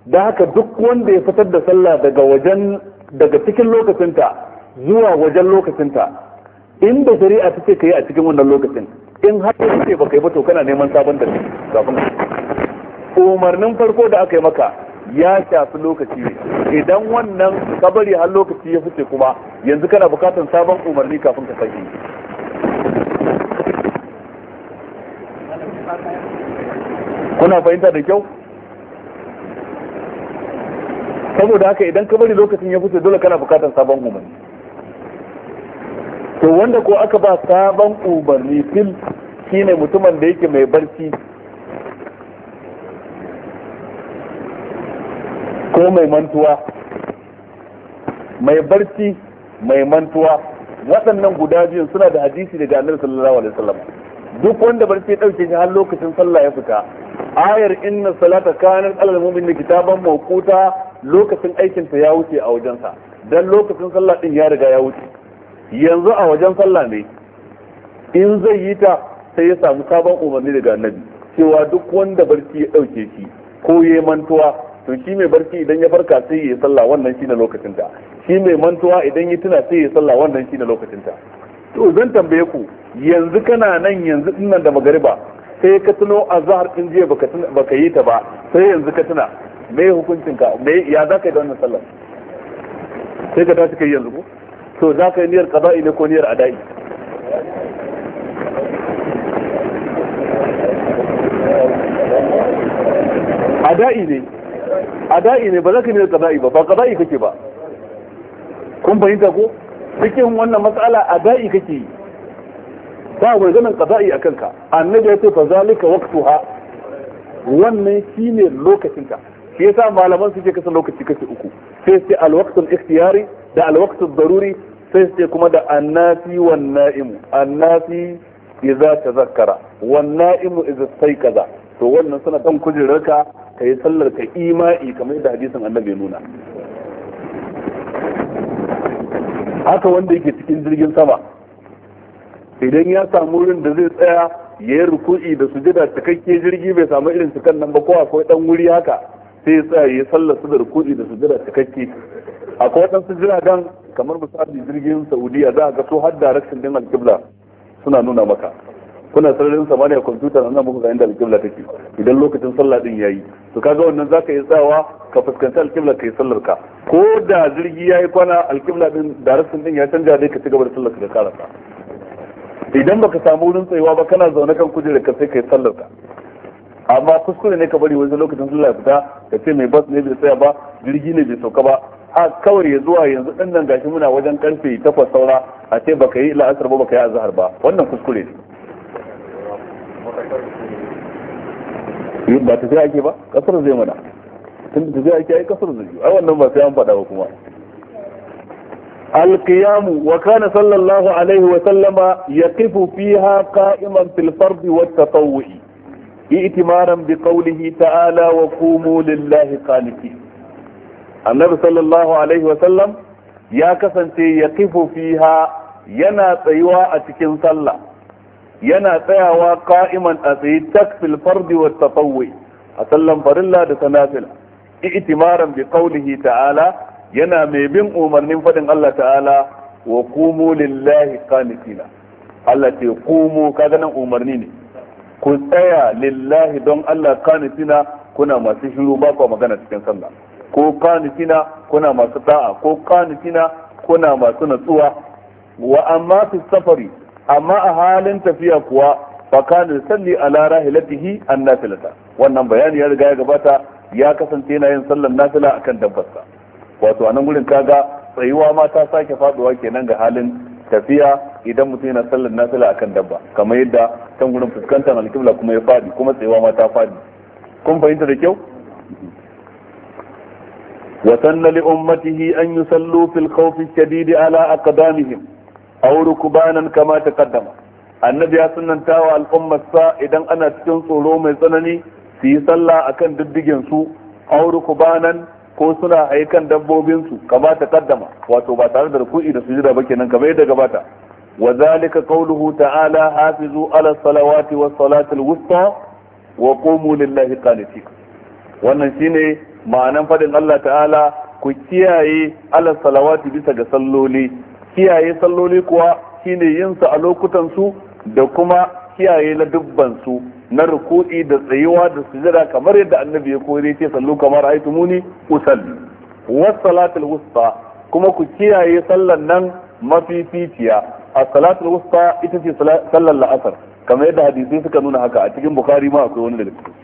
da haka duk wanda ya fitar da sallah daga wajen daga cikin lokacinta zuwa wajen lokacinta inda shari'a take kai a cikin wannan lokacin in har ya ba baka yi ba to kana neman sabon da kafin umarnin farko da aka yi maka ya shafi lokaci idan wannan kabari har lokaci ya fice kuma yanzu kana bukatan sabon umarni kafin ka sake kuna fahimta da kyau saboda haka idan kabari lokacin ya fice dole kana bukatan sabon umarni to wanda ko aka ba sabon umarni fil shine mutumin da yake mai barci ko mai mantuwa mai barci mai mantuwa waɗannan guda biyun suna da hadisi daga annabi sallallahu alaihi wasallam duk wanda barci ya dauke shi har lokacin sallah ya fita ayar inna salata kanat alal mu'mini kitaban mawquta lokacin aikin ta ya wuce a wajensa dan lokacin sallah din ya riga ya wuce yanzu a wajen sallah ne in zai yi ta sai ya samu sabon umarni daga annabi cewa duk wanda barci ya ɗauke shi ko ya yi mantuwa to shi mai barci idan ya farka sai ya yi sallah wannan shine lokacin ta shi mai mantuwa idan ya tuna sai ya yi sallah wannan shine lokacin ta to zan tambaye ku yanzu kana nan yanzu dinnan da magariba sai ka tuno azhar din jiya baka baka yi ta ba sai yanzu ka tuna me hukuncin ka me ya zaka yi da wannan sallah? sai ka tashi kai yanzu ko so za ka yi niyyar kaza'i ne ko niyyar ada'i ada'i ne ada'i ne ba za ka yi niyyar kaza'i ba ba kaza'i kake ba kun fahimta ko cikin wannan matsala ada'i kake yi ba mai zanen kaza'i a kanka annabi ya ce fa zalika waqtuha wannan shine lokacinka shi yasa malaman suke kasa lokaci kashi uku sai sai alwaqtul ikhtiyari da alwaqtu daruri sai su ce kuma da annafi wan na'imu annafi idza tazakkara wan na'imu idza kaza to wannan suna kan kujerarka kai sallar ka imai kamar yadda hadisin annabi nuna haka wanda yake cikin jirgin sama idan ya samu wurin da zai tsaya ya yi ruku'i da sujada cikakke jirgi bai samu irin su kan nan ba ko akwai dan wuri haka sai ya tsaya ya sallar su da rukudi da sujjada cikakke akwai waɗansu jiragen kamar misali jirgin saudiya za a ga su har direction din alkibla suna nuna maka kuna sararin samaniya kwamfuta na muku ga inda alkibla take idan lokacin sallah din yayi to kaga wannan zaka yi tsawa ka fuskanci alkibla kai sallar ka ko da jirgi yayi kwana alkibla din direction din ya canja dai ka ci gaba da sallar ka da karasa idan baka samu wurin tsayuwa ba kana zaune kan kujerar ka sai kai sallar ka amma kuskure ne ka bari wani lokacin sallah fita ka ce mai bas ne bai tsaya ba jirgi ne bai sauka ba a kawai ya zuwa yanzu din nan gashi muna wajen karfe takwas saura a ce baka yi la'asar ba baka yi azhar ba wannan kuskure ne ba ta sai ake ba kasar zai mana tun da ta sai ake ai kasar zai ai wannan ba sai an faɗa ba kuma القيام وكان صلى الله عليه وسلم يقف فيها قائما في الفرض والتطوع itimaran bi qawlihi ta'ala wa qumu lillahi qanitin annabi sallallahu ya kasance ya kifo fiha yana tsayuwa a cikin sallah yana tsayawa ka'iman a tsaye takfil fardi wa tatawwi a sallan farilla da sanafila i'timaran bi qawlihi ta'ala yana mai bin umarnin fadin Allah ta'ala wa qumu lillahi qanitina Allah ce qumu kaga nan umarni ne ku tsaya lillahi don Allah kanitina kuna masu shiru ba kwa magana cikin sallah ko kanitina kuna masu ta'a ko kanitina kuna masu natsuwa wa amma fi safari amma a halin tafiya kuwa fa kana salli ala rahilatihi annafilata wannan bayani ya riga ya gabata ya kasance yana yin sallar nafila akan dabbarsa wato a nan gurin kaga tsayuwa ma ta sake faduwa kenan ga halin tafiya idan mutum yana sallar nafila akan dabba kamar yadda kan gurin fuskantar alkibla kuma ya fadi kuma tsayawa ma ta fadi kun fahimta da kyau وسن لأمته أن يصلوا في الخوف الشديد على أقدامهم أو ركبانا كما تقدم النبي صلى الله idan ana cikin tsoro mai tsanani su yi sallah أكن دبجن سو أو ركبانا ko suna aikan dabbobinsu kama ta kaddama wato ba tare da ruku'i da sujada ba kenan kamar yadda gabata وذلك قوله تعالى حافظوا على الصلوات والصلاة الوسطى وقوموا لله قانتين wannan shine ma'anan fadin Allah ta'ala ku kiyaye ala salawati bisa ga salloli kiyaye salloli kuwa shine yin su a lokutan su da kuma kiyaye na dubban su na ruku'i da tsayuwa da sujada kamar yadda annabi ya kore ce sallu kamar aitumuni usalli was salatul wusta kuma ku kiyaye sallan nan mafificiya as-salatu wusta ita ce sallar la'asar kamar yadda hadisi suka nuna haka a cikin bukhari ma akwai wani daga cikin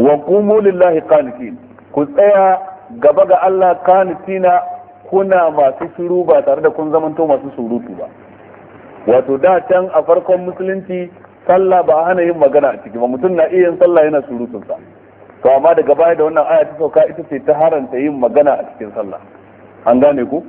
wa qumu lillahi qanitin ku tsaya gaba ga Allah qanitina kuna masu shiru ba tare da kun zamanto masu surutu ba wato da can a farkon musulunci sallah ba hana yin magana a ciki ba mutum na iya yin sallah yana surutunsa to amma daga baya da wannan aya ta sauka ita ce ta haranta yin magana a cikin sallah an gane ku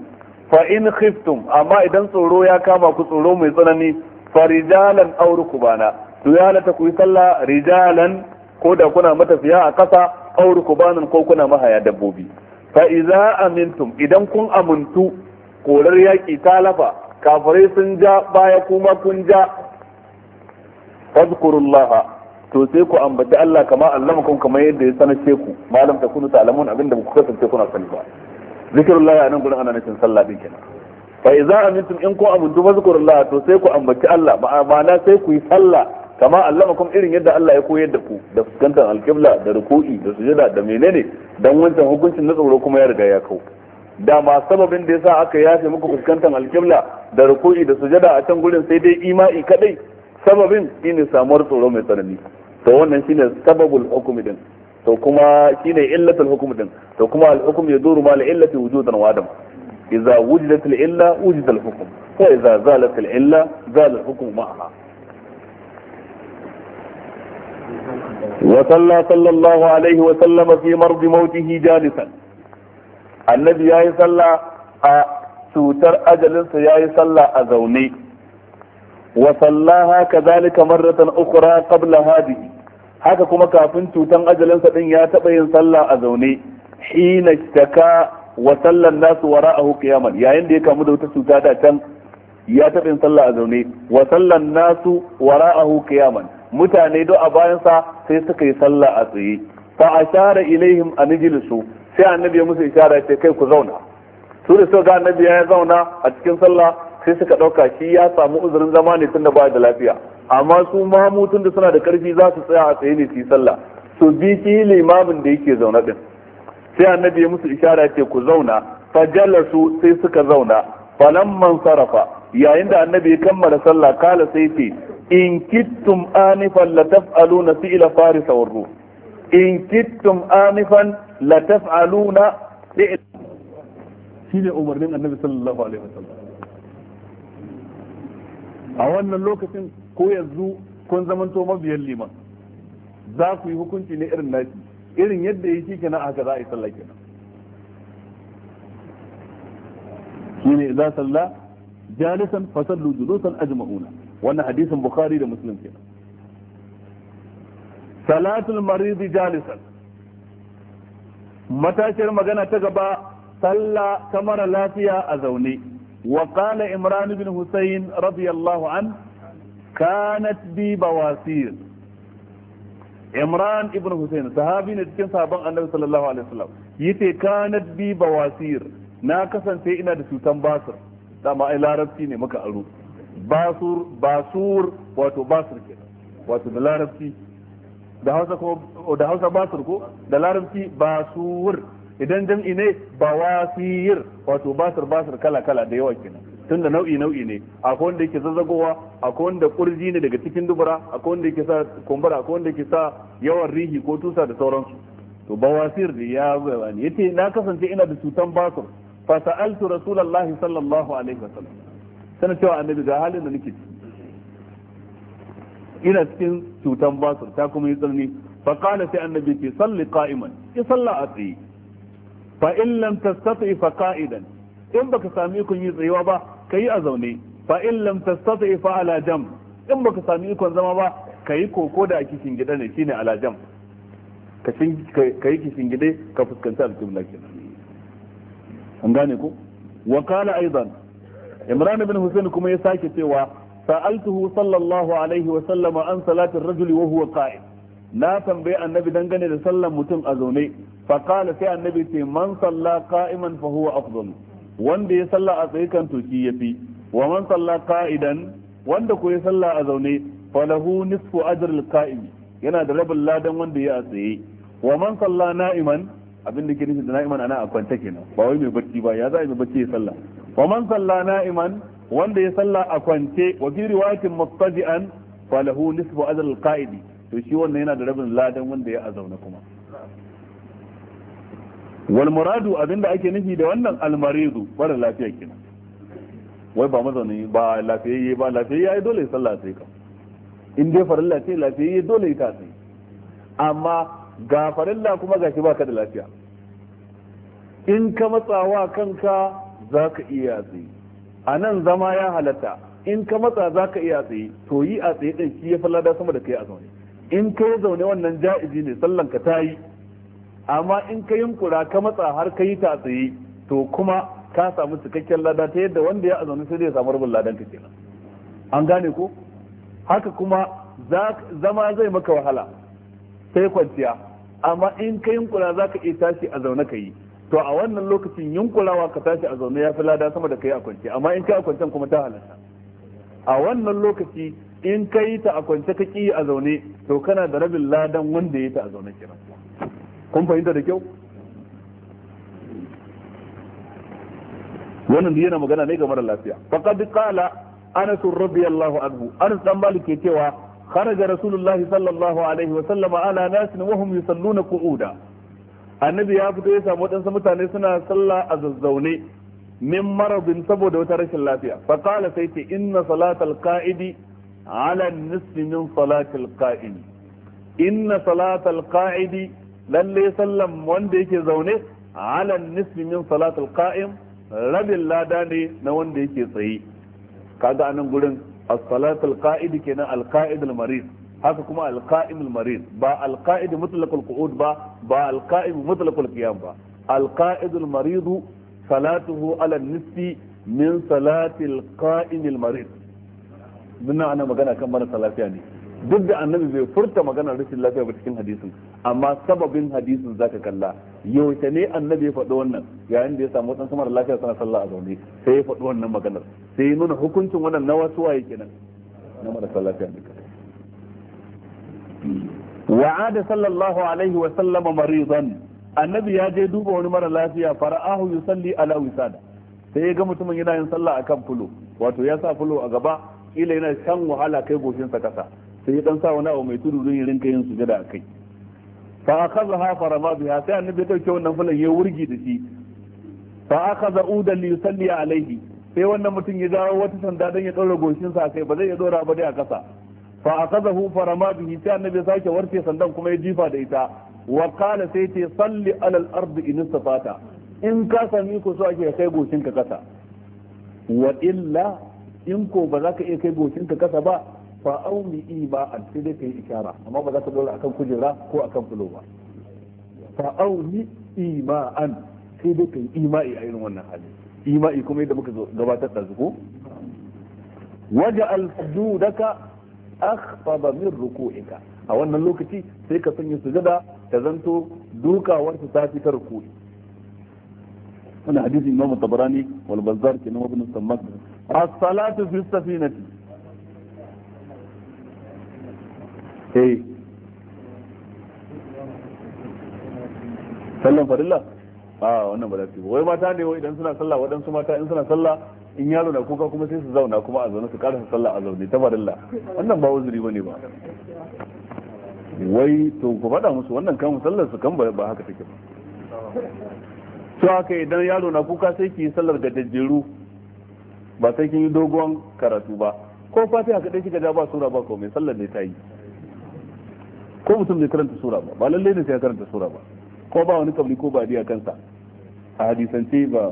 fa in khiftum amma idan tsoro ya kama ku tsoro mai tsanani fa rijalan aw rukbana to ya lata ku sallah rijalan ko da kuna matafiya a kasa aw rukbanan ko kuna mahaya dabbobi fa idza amintum idan kun amuntu korar yaki ta lafa kafirai sun ja baya kuma kun ja fadhkurullah to sai ku ambaci Allah kama allamakum kamar yadda ya sanace ku malam ta ta alamun abinda ku kasance kuna sani ba zikirullahi a nan gurin ana nufin sallah din kenan fa idza amintum in kun amuntu fa zikrullahi to sai ku ambaci Allah ma'ana sai ku yi sallah kama allamakum irin yadda Allah ya koyar da ku da fuskantar alqibla da ruku'i da sujada da menene dan wancan hukuncin na tsoro kuma ya riga ya da dama sababin da yasa aka yafe muku fuskantar alqibla da ruku'i da sujada a can gurin sai dai ima'i kadai sababin shine samuwar tsoro mai tsanani to wannan shine sababul hukumi din to kuma shine illatul hukm din to kuma al hukm yaduru ma li illati wujudan wa adam idza wujidat al illa wujida al hukm wa idza zalat al illa zala al hukm ma'aha وصلى صلى الله عليه وسلم في مرض موته جالسا النبي ياي صلى cutar ajalinsa ya yi salla a zaune wa sallaha kadhalika marratan ukhra qabla hadhihi haka kuma kafin cutan ajalinsa din ya taba yin sallah a zaune hina taka wa sallan nasu wara'ahu hukiyaman yayin da ya kamu da wata cuta da can ya taba yin sallah a zaune wa sallan nasu wara'ahu hukiyaman mutane do a bayansa sai suka yi sallah a tsaye fa ashara ilaihim an jilisu sai annabi ya musu ishara ce kai ku zauna su da suka ga annabi ya zauna a cikin sallah sai suka ɗauka shi ya samu uzurin zama ne tunda ba da lafiya amma su mahamutun da suna da karfi za su tsaya a tsaye ne su yi sallah to bi ki limamin da yake zaune din sai annabi ya musu ishara ce ku zauna fa jalasu sai suka zauna man sarafa yayin da annabi ya kammala sallah kala sai ce in kittum anifan la taf'aluna ila farisa warru in kittum anifan la taf'aluna fi'la shine umarnin annabi sallallahu alaihi wasallam a wannan lokacin ko yanzu kun zamanto mabiyan liman za ku yi hukunci ne irin nashi irin yadda ya shi kenan haka za a yi sallah kenan shine idza salla jalisan fasallu julusan ajma'una wannan hadisin bukhari da muslim kenan salatul marid jalisan matashiyar magana ta gaba sallah ta mara lafiya a zaune wa qala imran ibn husayn radiyallahu an kanat bi bawasir imran ibn husayn sahabi ne cikin sahaban annabi sallallahu alaihi wasallam yace kanat bi bawasir na kasance ina da cutan basir dama ai larabci ne muka aro basur basur wato basir ke wato da larabci da hausa ko da hausa basir ko da larabci basur idan jam'i ne bawasir wato basir basir kala kala da yawa kenan tunda nau'i nau'i ne akwai wanda yake zazzagowa akwai wanda kurji ne daga cikin dubura akwai wanda yake sa kumbura akwai wanda yake sa yawan rihi ko tusa da sauransu to bawasir da ya bayani yace na kasance ina da cutan basur fa sa'altu rasulullahi sallallahu alaihi wasallam sana cewa annabi ga halin da nake ina cikin cutan basur ta kuma yi tsanani fa qala sai annabi ce salli qa'iman ki salla a tsaye fa in lam tastati fa qa'idan in baka sami kun yi tsayuwa ba Ka yi a zaune fa in lam tastati fa ala jam in baka sami ikon zama ba ka yi koko da kishin gida ne shine ala jam ka yi kishin gida ka fuskanci alqibla kenan an gane ku wa qala aidan imran ibn husayn kuma ya sake cewa sa'altuhu sallallahu alaihi wa sallama an salatin rajuli wa huwa qa'im na tambayi annabi dangane da sallan mutum a zaune fa qala sai annabi ce man salla qa'iman fa huwa afdalu wanda ya salla a tsaye kan toki fi wa man salla ka'idan wanda ko ya salla a zaune falahu nisfu ajr al yana da rabin ladan wanda ya tsaye wa man salla na'iman abin da ke nufi da na'iman ana a kwance kenan ba wai mai bacci ba ya za a mai bacci ya salla wa man salla na'iman wanda ya salla a kwance wa fi riwayatin muttaji'an falahu nisfu ajr al to shi wannan yana da rabin ladan wanda ya a zaune kuma wal muradu abinda ake nufi da wannan almaridu mara lafiya kenan wai ba mazauni ba lafiyayye ba lafiyayye dole ya sallah sai ka in dai farilla lafiya lafiyayye dole ya sai amma ga farilla kuma gashi baka da lafiya in ka matsawa kanka za ka iya tsaye a nan zama ya halatta in ka matsa za ka iya tsaye to yi a tsaye din shi ya falada sama da kai a zaune in ka yi zaune wannan ja'izi ne sallan ka ta yi amma in ka yunkura ka matsa har ka yi tatsayi to kuma ka samu cikakken lada ta yadda wanda ya azumi sai zai samu rabin ladan ka kenan an gane ko haka kuma zama zai maka wahala sai kwanciya amma in ka yunkura za ka iya tashi a zaune ka yi to a wannan lokacin yunkurawa ka tashi a zaune ya fi lada sama da ka yi a kwance amma in ka yi a kwancen kuma ta halarta a wannan lokaci in ka yi ta a kwance ka ƙi a zaune to kana da rabin ladan wanda ya yi ta a zaune kenan kun fahimta da kyau wannan yana magana ne ga mara lafiya faqad qala anas radiyallahu anhu anas dan malik ke cewa kharaja rasulullah sallallahu alaihi wa sallam ala nas wa hum yusalluna qu'uda annabi ya fito ya samu wadansu mutane suna sallah a zazzaune min maradin saboda wata rashin lafiya faqala sai ce inna salatal qa'idi ala nisfi min salatil inna salatal lalle sallan wanda yake zaune ala nisfi min salatul qa'im rabin lada ne na wanda yake tsaye kaga anan gurin as-salatul qa'id kenan al-qa'id al-marid haka kuma al-qa'im al-marid ba al-qa'id mutlaq al-qu'ud ba ba al-qa'im mutlaq al-qiyam ba al-qa'id al-marid salatuhu ala nisbi min salatil qa'im al-marid dinna ana magana kan mana salafiya ne duk da annabi bai furta maganar rashin lafiya ba cikin hadisin amma sababin hadisin zaka kalla yaushe ne annabi ya faɗi wannan yayin da ya samu wasan samar lafiya sana sallah a zaune sai ya faɗi wannan maganar sai ya nuna hukuncin wannan na wasu waye kenan na marasa lafiya duka wa'ada sallallahu alaihi wa sallama maridan annabi ya je duba wani mara lafiya fara'ahu yusalli ala wisada sai ya ga mutumin yana yin sallah akan fulo wato ya sa fulo a gaba kila yana shan wahala kai goshinsa kasa sai ya dan sa wani abu mai tudu don ya rinka yin sujada kai fa akhadha ha farama biha sai annabi ya dauke wannan fulan ya wurgi da shi fa akhadha uda li yusalli alaihi sai wannan mutum ya dawo wata sanda dan ya daura goshin sa kai ba zai ya dora ba dai a kasa fa hu farama bihi sai annabi ya sake warce sandan kuma ya jifa da ita wa qala sai ce salli alal ardi in istata in ka sami ko so ake kai goshin ka kasa wa illa in ko ba za ka iya kai goshin ka kasa ba fa auni ba an sai dai ka yi ishara amma ba za ka dole akan kujera ko akan fulo ba fa aumi ima'an sai dai ka yi ima'i a irin wannan hali ima'i kuma yadda muka gabatar da Waje waja'al sujudaka akhfada min ruku'ika a wannan lokaci sai ka sanya sujada ta zanto dukawar ta fi ta ruku'i wannan hadisi Imam Tabarani wal Bazzar kenan Ibn Sammak as-salatu fi safinati sallan farilla a wannan ba za wai mata ne idan suna sallah waɗansu mata in suna sallah in yaro na kuka kuma sai su zauna kuma a zaune su ƙara su sallah a zaune ta farilla wannan ba wuzuri ne ba wai to ku faɗa musu wannan kan sallar su kan ba haka take ba to haka idan yaro na kuka sai ki yi sallar da dajjeru ba sai kin yi dogon karatu ba ko fatiha kadai kika da ba sura ba komai sallar ne ta yi ko mutum bai karanta sura ba ba lalle ne sai ya karanta sura ba ko ba wani kabli ko ba diya kansa a hadisance ba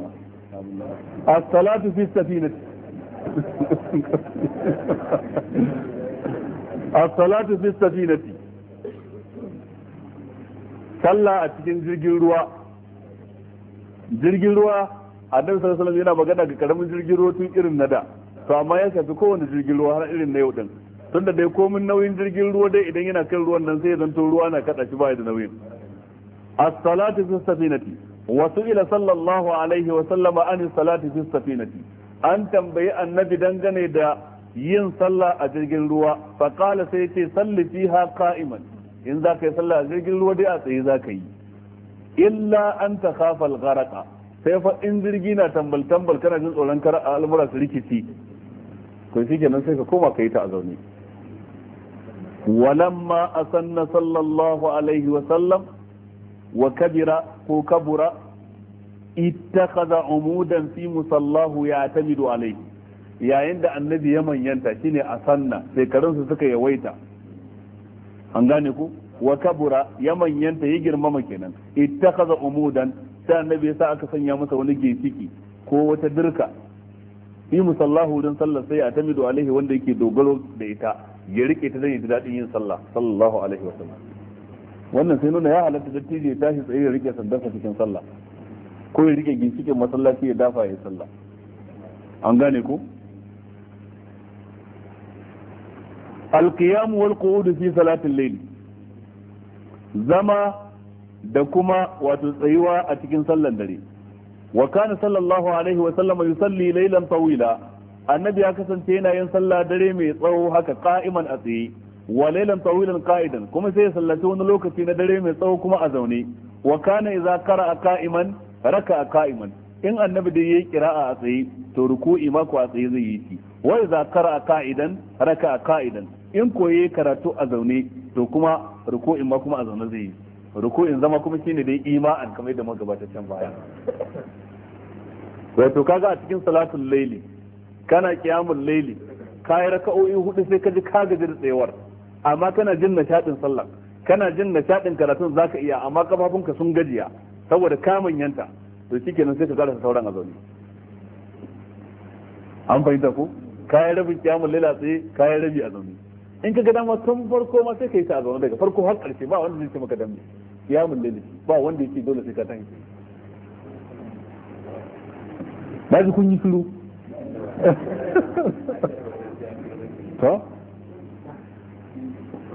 as-salatu fi safinati as-salatu fi safinati sallah a cikin jirgin ruwa jirgin ruwa annabi sallallahu alaihi wasallam yana magana ga karamin jirgin ruwa tun irin nada to amma ya shafi kowane jirgin ruwa har irin na yau din tunda dai komin nauyin jirgin ruwa dai idan yana kan ruwan nan sai zanto ruwa na kada shi bai da nauyin as-salatu fi safinati wa su'ila sallallahu alaihi wa sallama an salati fi safinati an tambayi annabi dangane da yin sallah a jirgin ruwa fa qala sai ce salli fiha qa'iman in za ka yi sallah a jirgin ruwa dai a tsaye za ka yi illa an ta kafa algaraka sai fa in jirgi na tambal tambal kana jin tsoron kar al'amura su rikici to shi kenan sai ka koma ka yi ta a zaune ولما أسن صلى الله عليه وسلم وكبر وكبر اتخذ عمودا في مصلاه يعتمد عليه yayin da annabi ya manyanta shine a sanna shekarunsu suka yawaita an gane ku wa kabura ya manyanta ya girmama kenan ittakaza umudan sai annabi ya sa aka sanya masa wani ginsiki ko wata dirka fi musallahu don sallar sai a tamidu alaihi wanda yake dogaro da ita ya rike ta zai ji daɗin yin sallah sallallahu alaihi wasallam wannan sai nuna ya halatta dattijo ya tashi tsaye ya rike sandarsa cikin sallah ko ya rike ginshikin masallaci ya dafa ya sallah an gane ko alqiyam wal qu'ud fi salatil layl zama da kuma wato tsayuwa a cikin sallan dare wa kana sallallahu alaihi wa sallam yusalli laylan tawila annabi ya kasance yana yin sallah dare mai tsawo haka qa'iman a tsaye wa laylan tawilan qa'idan kuma sai ya sallaci wani lokaci na dare mai tsawo kuma a zaune wa kana idza qara'a qa'iman raka'a qa'iman in annabi da yayi qira'a a tsaye to ruku'i ma ko a tsaye zai yi shi wa idza qara'a qa'idan raka'a qa'idan in koye karatu a zaune to kuma ruku'in ma kuma a zaune zai yi ruku'in zama kuma shine dai ima'an kamar da magabata can baya wato kaga a cikin salatul layli kana kiyamun laili ka yi raka'o'i hudu sai ka ji ka gaji da tsayuwar amma kana jin nishadin sallah kana jin nishadin karatun zaka iya amma kafafunka sun gajiya saboda ka manyanta to shikenan sai ka karasa sauran a zaune an fahimta ko ka yi rabin kiyamun laila tsaye ka yi rabi a zaune in ka ga dama tun farko ma sai ka yi ta a zaune daga farko har karshe ba wanda zai ce maka dambe kiyamun laila ba wanda yake dole sai ka tanki na ji kun yi shiru <laughs> to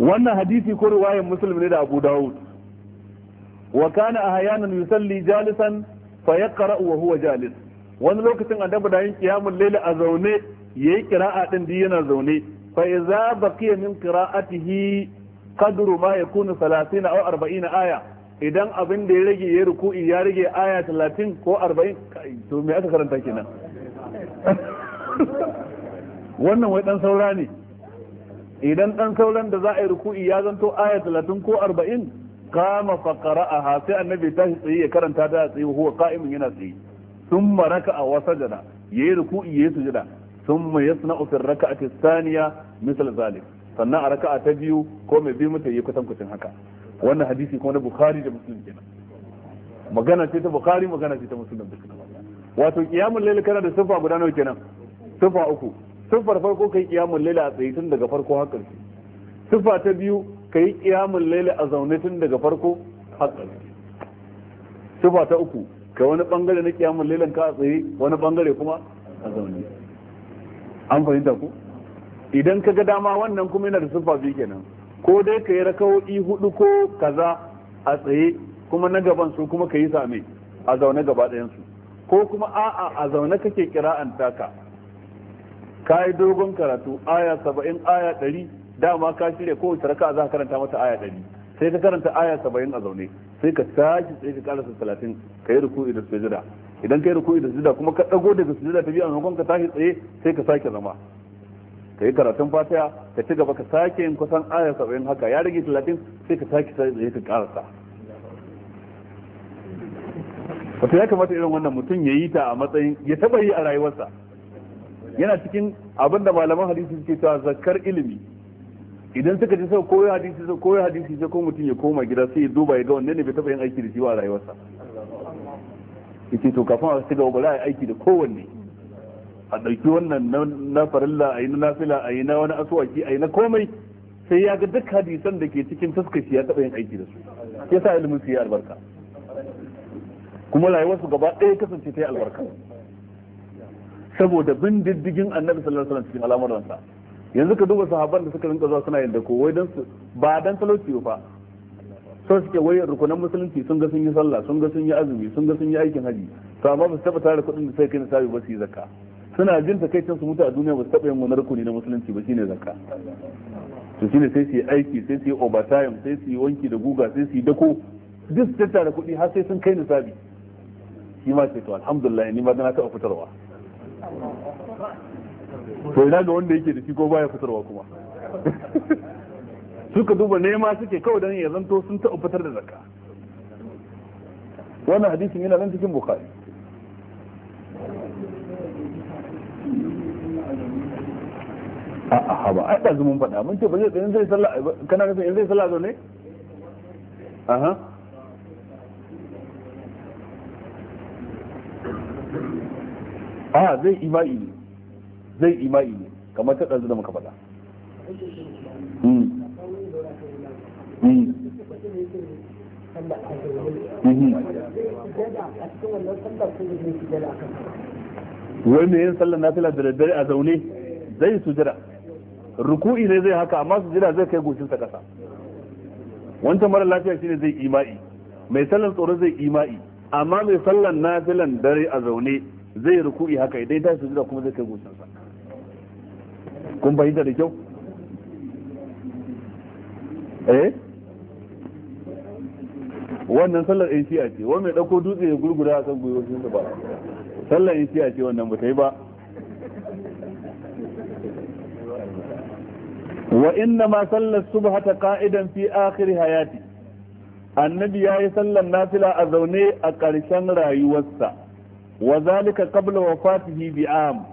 wannan hadisi ko riwayar muslim ne da abu dawud wa kana ahyanan yusalli jalisan fa yaqra wa huwa jalis wani lokacin annabi da yin qiyamul layl a zaune yayi qira'a din di yana zaune fa idza baqiya min qira'atihi qadru ma yakunu 30 aw 40 aya idan abin da ya rage ya ruku'i ya rage aya 30 ko 40 to me aka karanta kenan <laughs> wannan wai dan saura ne idan dan sauran da za a yi ruku'i ya zanto aya 30 ko 40 kama fa qara'aha sai annabi tashi tsaye ya karanta da tsaye huwa qa'imun yana tsaye thumma raka'a wa sajada yayi ruku'i yayi sujada thumma yasna'u fi raka'ati thaniya misal zalik sannan a raka'a ta biyu ko mai biyu mata yayi kusan kusin haka wannan hadisi kuma na bukhari da muslim kenan magana ce ta bukhari magana ce ta muslim wato kiyamul layl kana da sufa guda nawa kenan sufa uku da farko kai kiyamun laila a tsaye tun daga farko hakan ƙarshe sifa ta biyu kai kiyamun laila a zaune tun daga farko hakan ƙarshe sifa ta uku ka wani bangare na kiyamun lailan ka a tsaye wani bangare kuma a zaune an fahimta ku idan ka ga dama wannan kuma yana da sufa biyu kenan ko dai ka yi rakawo'i hudu ko kaza a tsaye kuma na gaban su kuma ka yi same a zaune gaba su ko kuma a'a a zaune kake kira'an taka ka yi dogon karatu aya saba'in aya ɗari dama ka shirya kowace raka za ka karanta mata aya ɗari sai ka karanta aya saba'in a zaune sai ka tashi sai ka karasa talatin ka yi ruku'i da sujada idan ka yi ruku'i da sujada kuma ka ɗago daga sujada ta biyu a maimakon ka tashi tsaye sai ka sake zama ka yi karatun fatiha ka ci gaba ka sake yin kusan aya saba'in haka ya rage talatin sai ka sake tsaye ka karasa wato ya kamata irin wannan mutum ya yi ta a matsayin ya taba yi a rayuwarsa yana cikin abin da malaman hadisi suke cewa zakar ilimi idan suka ji sai koyo hadisi sai koyo hadisi sai ko mutum ya koma gida sai ya duba ya ga wanne ne bai taɓa yin aiki da shi a rayuwarsa yace to kafin a shiga ba za a yi aiki da kowanne a ɗauki wannan na farilla a yi na nafila a yi na wani asuwaki a yi na komai sai ya ga duk hadisan da ke cikin taskashi ya taɓa yin aiki da su ya sa ilimin su yi albarka kuma rayuwarsu gaba ɗaya kasance ta yi albarka saboda bin diddigin annabi sallallahu alaihi wasallam cikin al'amuransa yanzu ka duba sahabban da suka rinka zuwa suna yin dako wai dan su ba dan talauci ba so suke wai rukunan musulunci sun ga sun yi sallah sun ga sun yi azumi sun ga sun yi aikin haji to amma ba su taba tare kuɗin da sai kai nisabi ba su yi zakka suna jin kai su mutu a duniya ba su taba yin wani rukuni na musulunci ba shine zakka to shine sai su yi aiki sai su yi overtime sai su yi wanki da guga sai su yi dako duk su tattara kuɗi har sai sun kai nisabi shi ma ce to alhamdulillah ni ma dana taɓa fitarwa to ina ga wanda yake da shi ko baya fitarwa kuma suka duba nema suke kawai don ya zanto sun taɓa fitar da zaka wannan hadisin yana nan cikin bukari a'a haba ai ɗazu mun faɗa mun ce ba zai sallah kana nufin zai sallah zo ne aha a zai ima'i ne zai ima'i ne kamar ta ɗanzu da muka faɗa mai hmm. hmm. hmm. yin sallar fila da daddare a zaune zai jira ruku'i ne zai haka amma su jira zai kai goshinsa ƙasa wancan mara lafiya shine zai ima'i mai sallar tsoro zai ima'i amma mai sallar filan dare a zaune zai ruku'i haka idan ta sujuda kuma zai kai goshinsa kun fahimta da kyau eh wannan sallar isiya ce wani mai ɗauko dutse ya gurgura a kan gwiwoyinsa ba sallar isiya ce wannan ba yi ba wa inna ma sallar subhata ka'idan fi akhir hayati annabi yayi sallar nafila a zaune a ƙarshen rayuwarsa wa zalika qabla wafatihi bi am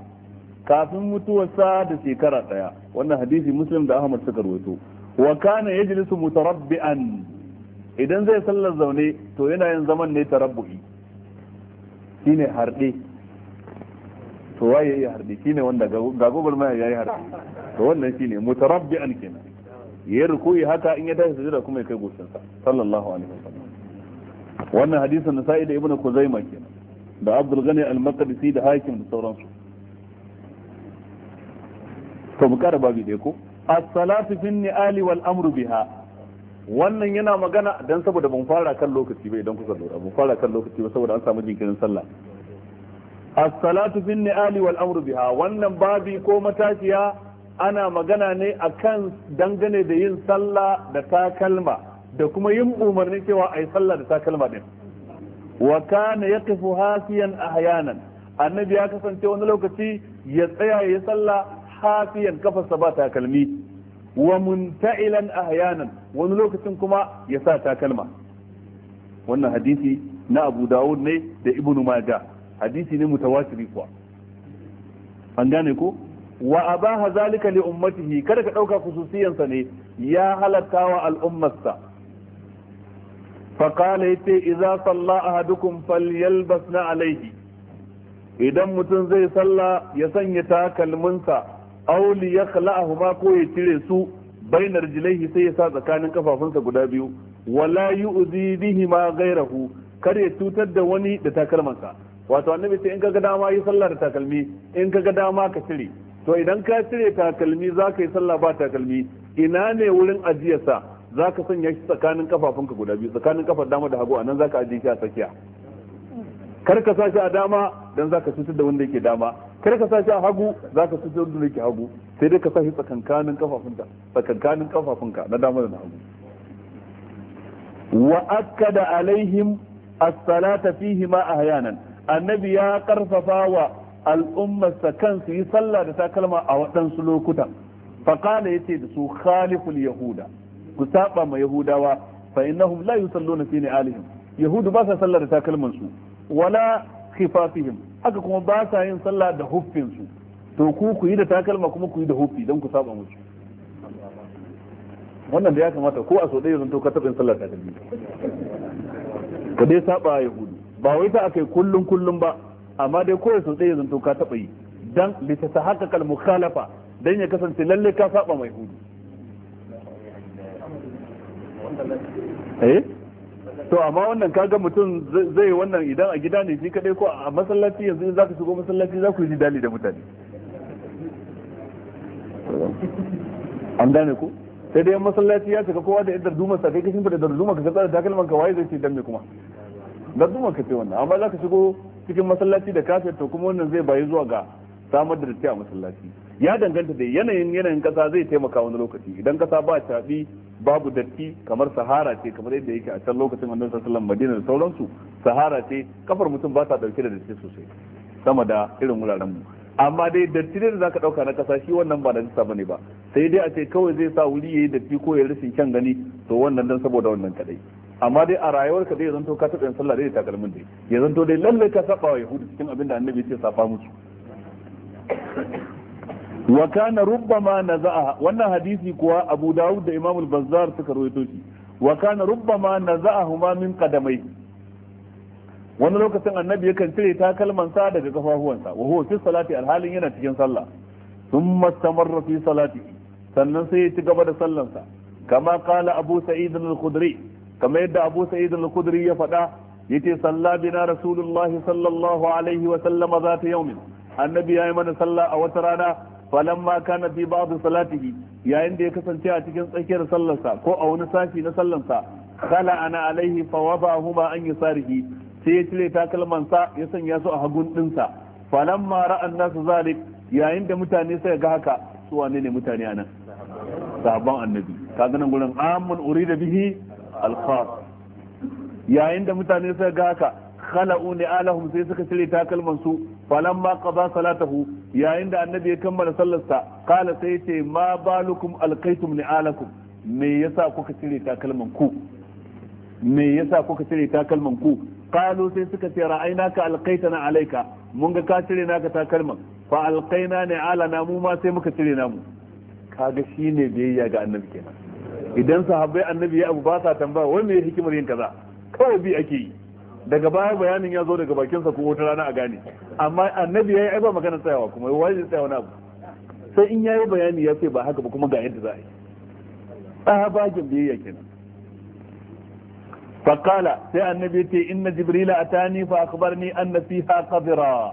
kafin mutuwarsa da shekara daya wannan hadisi muslim da ahmad suka rawaito wa kana yajlisu mutarabbi'an idan zai sallar zaune to yana yin zaman ne tarabbu'i shine harde to waye yayi harde shine wanda ga gogol mai yayi harde to wannan shine mutarabbi'an kenan yayi ruku'i haka in ya tashi jira kuma ya kai goshin sa sallallahu alaihi wasallam wannan hadisin nasa'i sa'id ibnu kuzaima kenan da abdul gani al-maqdisi da hakim da sauransu to mu kara babu dai ko as-salatu fi ni'ali wal amru biha wannan yana magana dan saboda ban fara kan lokaci bai dan kuka lura ban fara kan lokaci ba saboda an samu jinkirin sallah as-salatu fi ni'ali wal amru biha wannan babi ko matashiya ana magana ne akan dangane da yin sallah da takalma da kuma yin umarni cewa ai sallah da takalma din wa kana yaqifu hafiyan ahyana annabi ya kasance wani lokaci ya tsaya ya sallah hafiyan kafarsa ba takalmi wa munta'ilan nan wani lokacin kuma ya sa takalma wannan hadisi na Abu Dawud ne da Ibn Majah hadisi ne mutawatiri kuwa an gane ko wa abaha zalika li ummatihi kada ka dauka khususiyansa ne ya halakawa wa al'ummarsa faƙala ya ce iza salla a hadukun falyalbas na alaihi idan mutum zai salla ya sanya takalminsa auli ya khala'ahuma ko ya cire su bainar jilaihi sai ya sa tsakanin kafafunsa guda biyu wala yu'zi bihi ma gairahu kar ya cutar da wani da takalmansa wato annabi ce in kaga dama yi sallah da takalmi in kaga dama ka cire to idan ka cire takalmi za ka yi sallah ba takalmi ina ne wurin ajiyarsa za ka sanya shi tsakanin kafafunka guda biyu tsakanin kafar dama da hagu a nan za ka ajiye shi a tsakiya kar ka sa shi a dama dan za ka cutar da wanda yake dama kar ka sa shi a hagu za ka cutar da wanda yake hagu sai dai ka sa shi tsakankanin kafafunka tsakankanin kafafunka na dama da na hagu wa akkada alaihim as-salata fihi ma ahyanan annabi ya karfafa wa al'ummarsa kan su yi sallah da takalma a waɗansu lokutan faqala yace da su khaliful yahuda ku saba ma yahudawa fa innahum la yusalluna fi ni'alihim yahudu ba sa sallar da takalman su wala khifafihim haka kuma ba sa yin sallah da huffin su to ku ku yi da takalma kuma ku yi da huffi dan ku saba musu wannan da ya kamata ko a so ɗaya zan to ka taɓa yin sallar takalmi ka dai saba yahudu ba wai ta akai kullum kullum ba amma dai ko so ɗaya zan to ka taɓa yi dan bisa ta haka kal mukhalafa dan ya kasance lalle ka saba mai hudu eh to amma wannan kaga mutum zai wannan idan a gida ne shi kadai ko a masallaci yanzu in zaka shigo masallaci za ku yi dali da mutane an gane ku sai dai masallaci ya shiga kowa da yadda duma sa kai kashin da darduma ka tsara takalman ka waye zai ce dan me kuma darduma ka ce wannan amma zaka shigo cikin masallaci da kafet to kuma wannan zai bayi zuwa ga samar da datti a masallaci ya danganta da yanayin yanayin kasa zai taimaka wani lokaci idan kasa ba caɓi babu datti kamar sahara ce kamar yadda yake a can lokacin annabi sallallahu madina da sauransu sahara ce kafar mutum ba ta dauke da datti sosai sama da irin wuraren mu amma dai datti da zaka dauka na kasa shi wannan ba da ba bane ba sai dai a ce kawai zai sa wuri yi datti ko ya rashin kyan gani to wannan dan saboda wannan kadai amma dai a rayuwarka dai zanto ka taɓa yin sallah dai da takalmin dai ya zanto dai lallai ka saba wa yahudu cikin abin da annabi ya ce safa musu wa kana rubbama naza'a wannan hadisi kuwa Abu Dawud da Imam al-Bazzar suka rawaito shi wa kana rubbama naza'ahuma min qadamai wani lokacin annabi yakan cire takalmansa daga kafafuwansa wa huwa fi salati alhalin yana cikin sallah thumma istamarra fi salati sannan sai ya ci gaba da sallansa kama qala Abu Sa'id al-Khudri kama yadda Abu Sa'id al-Khudri ya faɗa yace salla bina rasulullahi sallallahu alaihi wa sallama zata yawmin annabi yayi mana sallah a wata rana falamma kana fi ba'd salatihi yayin da ya kasance a cikin tsakiyar sallarsa ko a wani sashi na sallarsa Kala ana alaihi fa huma an yasarihi sai ya cire takalmansa ya sanya su a hagun dinsa falamma ra'an nasu zalik yayin da mutane sai ga haka su wane ne mutane anan sahabban annabi kaga nan gurin amun urida bihi al yayin da mutane sai ga haka khala'u alahum sai suka cire takalman su ma qada salatahu yayin da annabi ya kammala sallarsa kala sai ya ce ma balukum alqaitum alakum me yasa kuka cire takalman ku me yasa kuka cire takalman ku qalu sai suka ce ra'ainaka alqaitana alaika mun ga ka cire naka takalman fa alqaina na mu ma sai muka cire namu kaga shine biyayya ga annabi kenan idan sahabbai annabi ya abu ba sa tambaya wai me hikimar yin kaza kawai bi ake yi daga baya bayanin ya zo daga bakinsa ko wata rana a gane amma annabi ya yi aiba maganar tsayawa kuma ya wajen tsayawa na abu sai in ya bayani ya ce ba haka ba kuma ga yadda za a yi tsabagen biyayya kenan fakala sai annabi ce inna jibrila atani fa akhbarni anna fiha qadira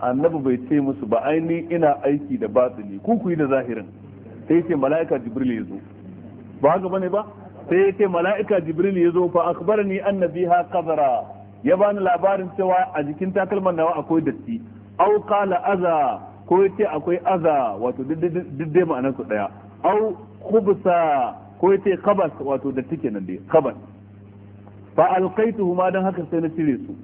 annabi bai ce musu ba aini ina aiki da batini ku ku yi da zahirin sai ce mala'ika jibril ya zo ba haka bane ba sai ya ce mala'ika jibril ya zo fa akbarani annabi ha kazara ya bani labarin cewa a jikin takalman nawa akwai datti au qala aza ko yace akwai aza wato diddai ma'anar su daya au khubsa ko yace khabas wato datti kenan dai khabas fa ma dan haka sai na cire su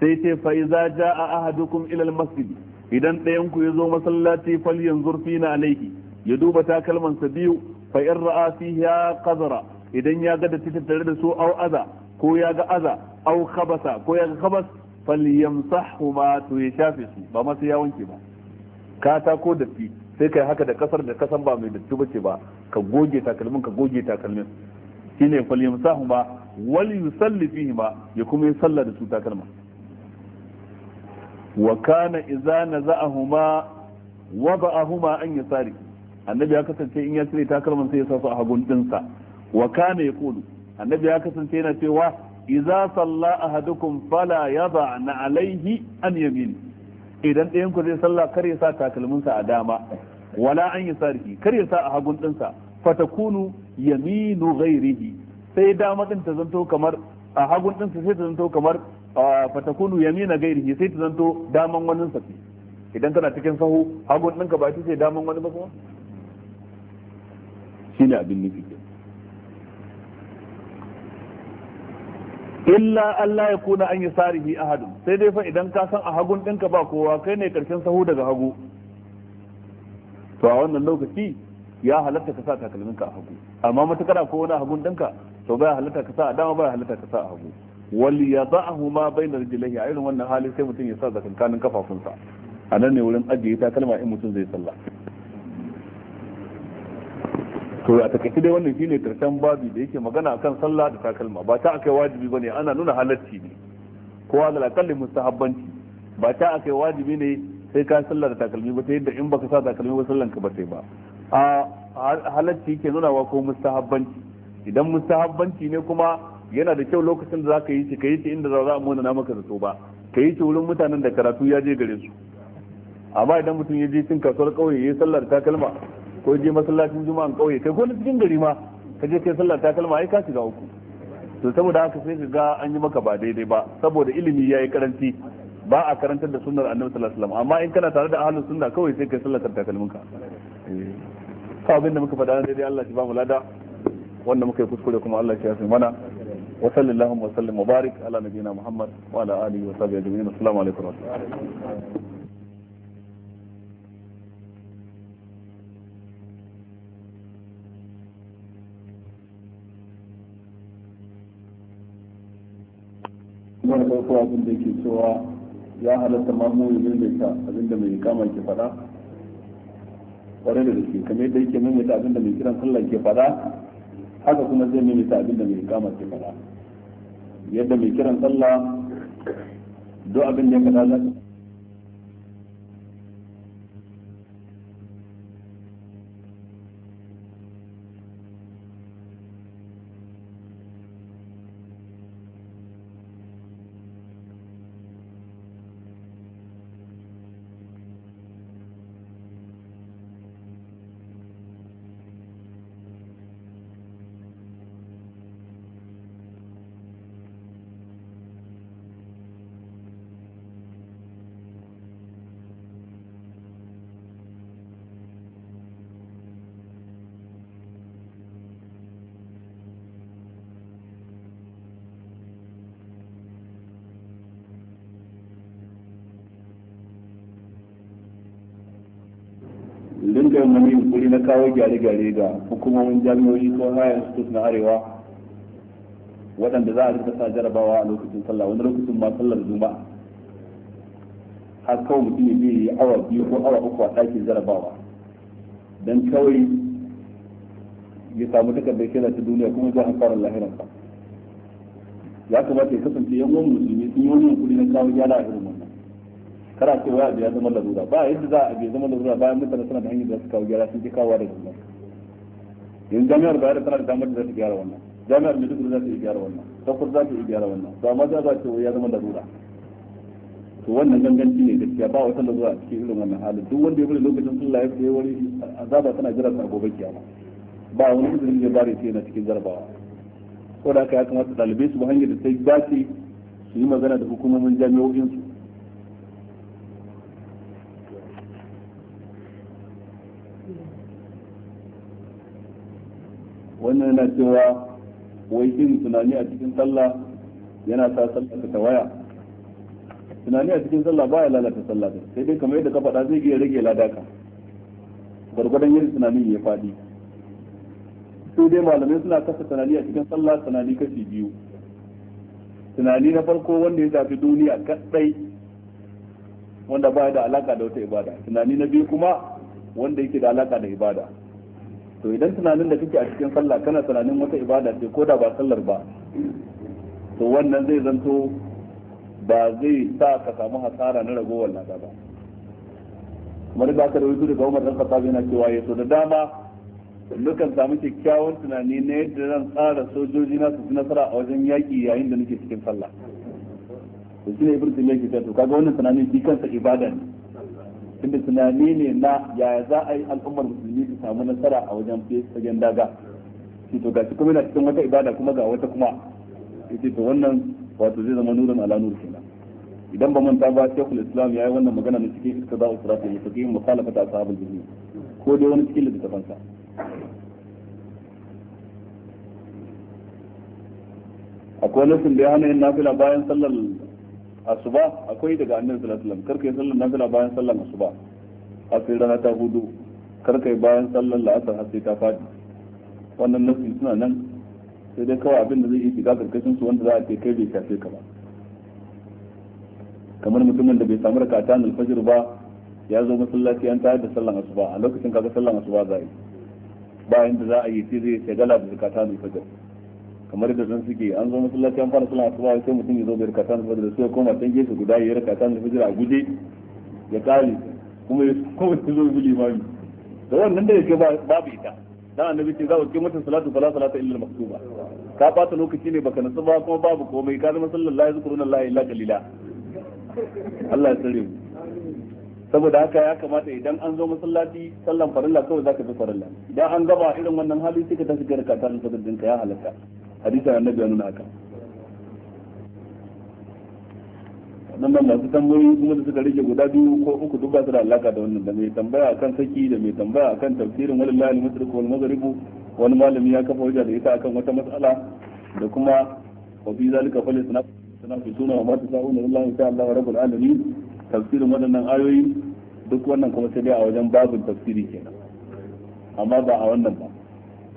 sai ce fa iza jaa ahadukum ila almasjid idan dayan ku yazo masallaci yanzur fina alayhi ya duba takalman sa biyu fa in ra'a fiha qadra idan ya ga da tare da su au aza ko ya ga aza au khabasa ko ya ga khabas yamsahu ma to ya shafe su ba ma sai ya wanke ba ta ko da fi sai kai haka da kasar da kasan ba mai datti bace ba ka goge takalmin ka goge takalmin shine yamsahu ma wal yusalli fihi ma ya kuma yi sallah da su takalma wa kana idza naza'ahuma wada'ahuma an yasari annabi ya kasance in ya cire takalman sai ya sa su a hagun dinsa wa kana yaqulu annabi ya kasance yana cewa idza salla ahadukum fala na alaihi an yamin idan ɗayan ku zai sallah kar ya sa takalminsa a dama wala an yasarihi kar ya sa a hagun ɗinsa fatakunu yaminu ghairihi sai dama din ta zanto kamar a hagun ɗinsa sai ta zanto kamar fatakunu yamina gairihi sai ta zanto daman wani safi idan kana cikin sahu hagun ɗinka ba sai daman wani ba kuma shine abin nufi illa Allah ya kuna an yi sarihi ahadun sai dai fa idan ka san a hagun ɗinka ba kowa kai ne karshen sahu daga hagu to a wannan lokaci ya halatta ka sa takalminka a hagu amma matakar ko wani hagun ɗinka to ba halatta ka sa a dama ba halatta ka sa a hagu ya wal yadahu ma bayna rijlihi a irin wannan hali sai mutum ya sa zakankanin kafafunsa a nan ne wurin ajiye takalma in mutum zai sallah to a takaice dai wannan shine karshen babi da yake magana akan sallah da takalma ba ta akai wajibi bane ana nuna halacci ne ko alal akalli mustahabbanci ba ta akai wajibi ne sai ka sallah da takalmi ba ta yadda in baka sa takalmi ba sallan ka ba sai ba a halacci yake nuna wa ko mustahabbanci idan mustahabbanci ne kuma yana da kyau lokacin da zaka yi shi ka yi shi inda za mu mona na maka zato ba ka yi shi wurin mutanen da karatu ya je gare su amma idan mutum ya je cin kasuwar kauye ya yi sallar takalma ko je masallacin juma'an kauye kai ko na cikin gari ma ka je kai sallar takalma ai ka shiga uku to saboda haka sai ka ga an yi maka ba daidai ba saboda ilimi yayi karanci ba a karantar da sunnar annabi sallallahu alaihi wasallam amma in kana tare da ahlus sunna kawai sai kai sallar takalminka eh. ka da muka faɗa daidai Allah shi ba mu lada wanda muka yi kuskure kuma Allah shi ya fi mana wa sallallahu wa sallam mubarak ala nabiyina Muhammad wa ala alihi wa sahbihi ajma'in assalamu alaikum tambayar farko abin da ke cewa ya halatta mamu da maimaita abin da mai kama ke faɗa kwarai da gaske kamar yadda yake maimaita abin da mai kiran sallah ke faɗa haka kuma zai maimaita abin da mai kama ke faɗa yadda mai kiran sallah duk abin da ya faɗa za kawo gyare-gyare ga hukumomin jami'o'i ko higher institute na arewa waɗanda za a rika sa jarabawa a lokacin sallah wani lokacin ma sallar juma'a har kawai mutum ya yi awa biyu ko awa uku a ɗakin jarabawa don kawai ya samu takardar kira ta duniya kuma za a fara ya kamata ya kasance yan wani musulmi sun yi wani yankuri na kawo gyara a kada ce wai abu ya zama larura ba yadda za a bai zama larura bayan mutane suna da hanyar da su kawo gyara sun ke kawo da juna yanzu jami'ar bayar tana da damar da za su gyara wannan jami'ar maiduguri za su iya gyara wannan kafar za su iya gyara wannan to amma za a ce wai ya zama larura to wannan ganganci ne gaskiya ba wata larura a cikin irin wannan halin duk wanda ya bude lokacin sun ya sai wani azaba tana jira ta gobe kiyama ba wani izinin da bari sai na cikin jarabawa ko da haka ya kamata ɗalibai su ba hanyar da sai dace su yi magana da hukumomin jami'o'insu wannan yana cewa wai yin tunani a cikin sallah yana sa sallah ta tawaya tunani a cikin sallah ba ya lalata sallah ta sai dai kamar yadda ka faɗa zai iya rage ladaka gwargwadon yin tunanin ya faɗi sai dai malamai suna kasa tunani a cikin sallah tunani kashi biyu tunani na farko wanda ya shafi duniya kaɗai wanda ba da alaka da wata ibada tunani na biyu kuma wanda yake da alaka da ibada to idan tunanin da kake a cikin sallah kana tunanin wata ibada ce ko da ba sallar ba to wannan zai zanto ba zai sa ka samu hasara na ragowar lada ba kamar da aka rawaito daga Umar dan Khattab yana cewa ya so da dama nukan samu kyakkyawan tunani na yadda zan tsara sojoji na su nasara a wajen yaki yayin da nake cikin sallah to shine ibnu ya ke cewa to kaga wannan tunanin shi kansa ibada ne inda tunani ne na yaya za a yi al'ummar musulmi su samu nasara a wajen fagen daga shi to gashi kuma yana cikin wata ibada kuma ga wata kuma yace to wannan wato zai zama nurin ala nur kenan idan ba manta ba shekul islam ya yi wannan magana ne cikin iska za a usra ta mutakin mukhalafata ashabul jinni ko dai wani cikin sa akwai nufin da ya hana yin nafila bayan sallar asuba akwai daga annabi sallallahu alaihi wasallam karkai yi sallar nafila bayan sallar asuba har sai rana ta hudu karkai yi bayan sallar la'asar har sai ta fadi wannan nasu suna nan sai dai kawai abin da zai yi shiga karkashin su wanda za a ce kai bai shafe ka ba kamar mutumin da bai samu raka ta alfajir ba ya zo masallaci an tayar da sallan asuba a lokacin kaga sallan asuba za a yi bayan da za a yi sai zai shagala da zakata alfajir kamar da sun suke an zo masallaci an fara sallah asuba sai mutum ya zo da rakata na fajr sai koma can gefe guda ya rakata na fajr a guje ya kare kuma ya <laughs> koma ya zo guli mami da wannan da yake babu ita dan annabi ce za ku kimanta salatu fala salata illa maktuba ka bata lokaci ne baka nasu ba kuma babu komai ka zama sallallahu alaihi zikrun Allah illa qalila Allah ya tsare mu saboda haka ya kamata idan an zo masallaci sallan farilla kawai zaka bi farilla idan an gaba irin wannan hali sai ka tafi garka ta da ya halaka hadisin annabi ya nuna haka nan masu tambayoyi kuma da suka rike guda biyu ko uku duk ba su da alaka da wannan da mai tambaya akan saki da mai tambaya akan tafsirin wani masu musulku wani magaribu wani malami ya kafa wajen da ita akan wata matsala da kuma wafi fi zalika fali suna fi suna wa mata sa'una lillahi insha Allah wa rabbul alamin tafsirin waɗannan ayoyi duk wannan kuma sai dai a wajen babin tafsiri kenan amma ba a wannan ba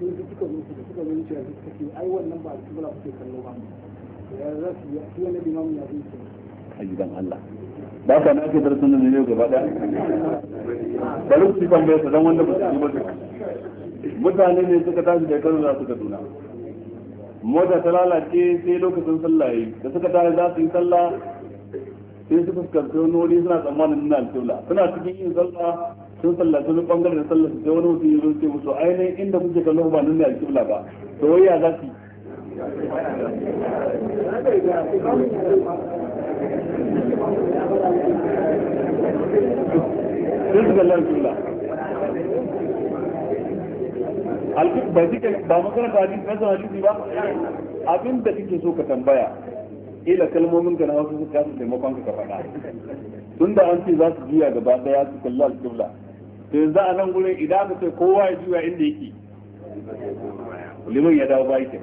sai su suka da suka ba bala kallo ba ya za su na ake darasin nan ne gaba mutane ne suka tashi da karo za su ka duna mota ta lalace sai lokacin sallah yi da suka tashi za su yi sallah sai su fuskanci wani suna tsammanin nuna alƙibla suna cikin yin sallah sun sallaci bangare da sallar sai wani mutum ya zo ce musu ainihin inda kuke kallon ba nan ne alƙibla ba to wai ya za su sun su kallon alƙibla ba shi ba makaranta hadisi na sanar hadisi ba abin da kake so ka tambaya ila kalmomin ka na wasu su taimakon ka faɗa tun da an ce za su juya gaba daya su kalli alƙibla to yanzu a nan gurin idan aka ce kowa ya juya inda yake liman ya dawo ba ke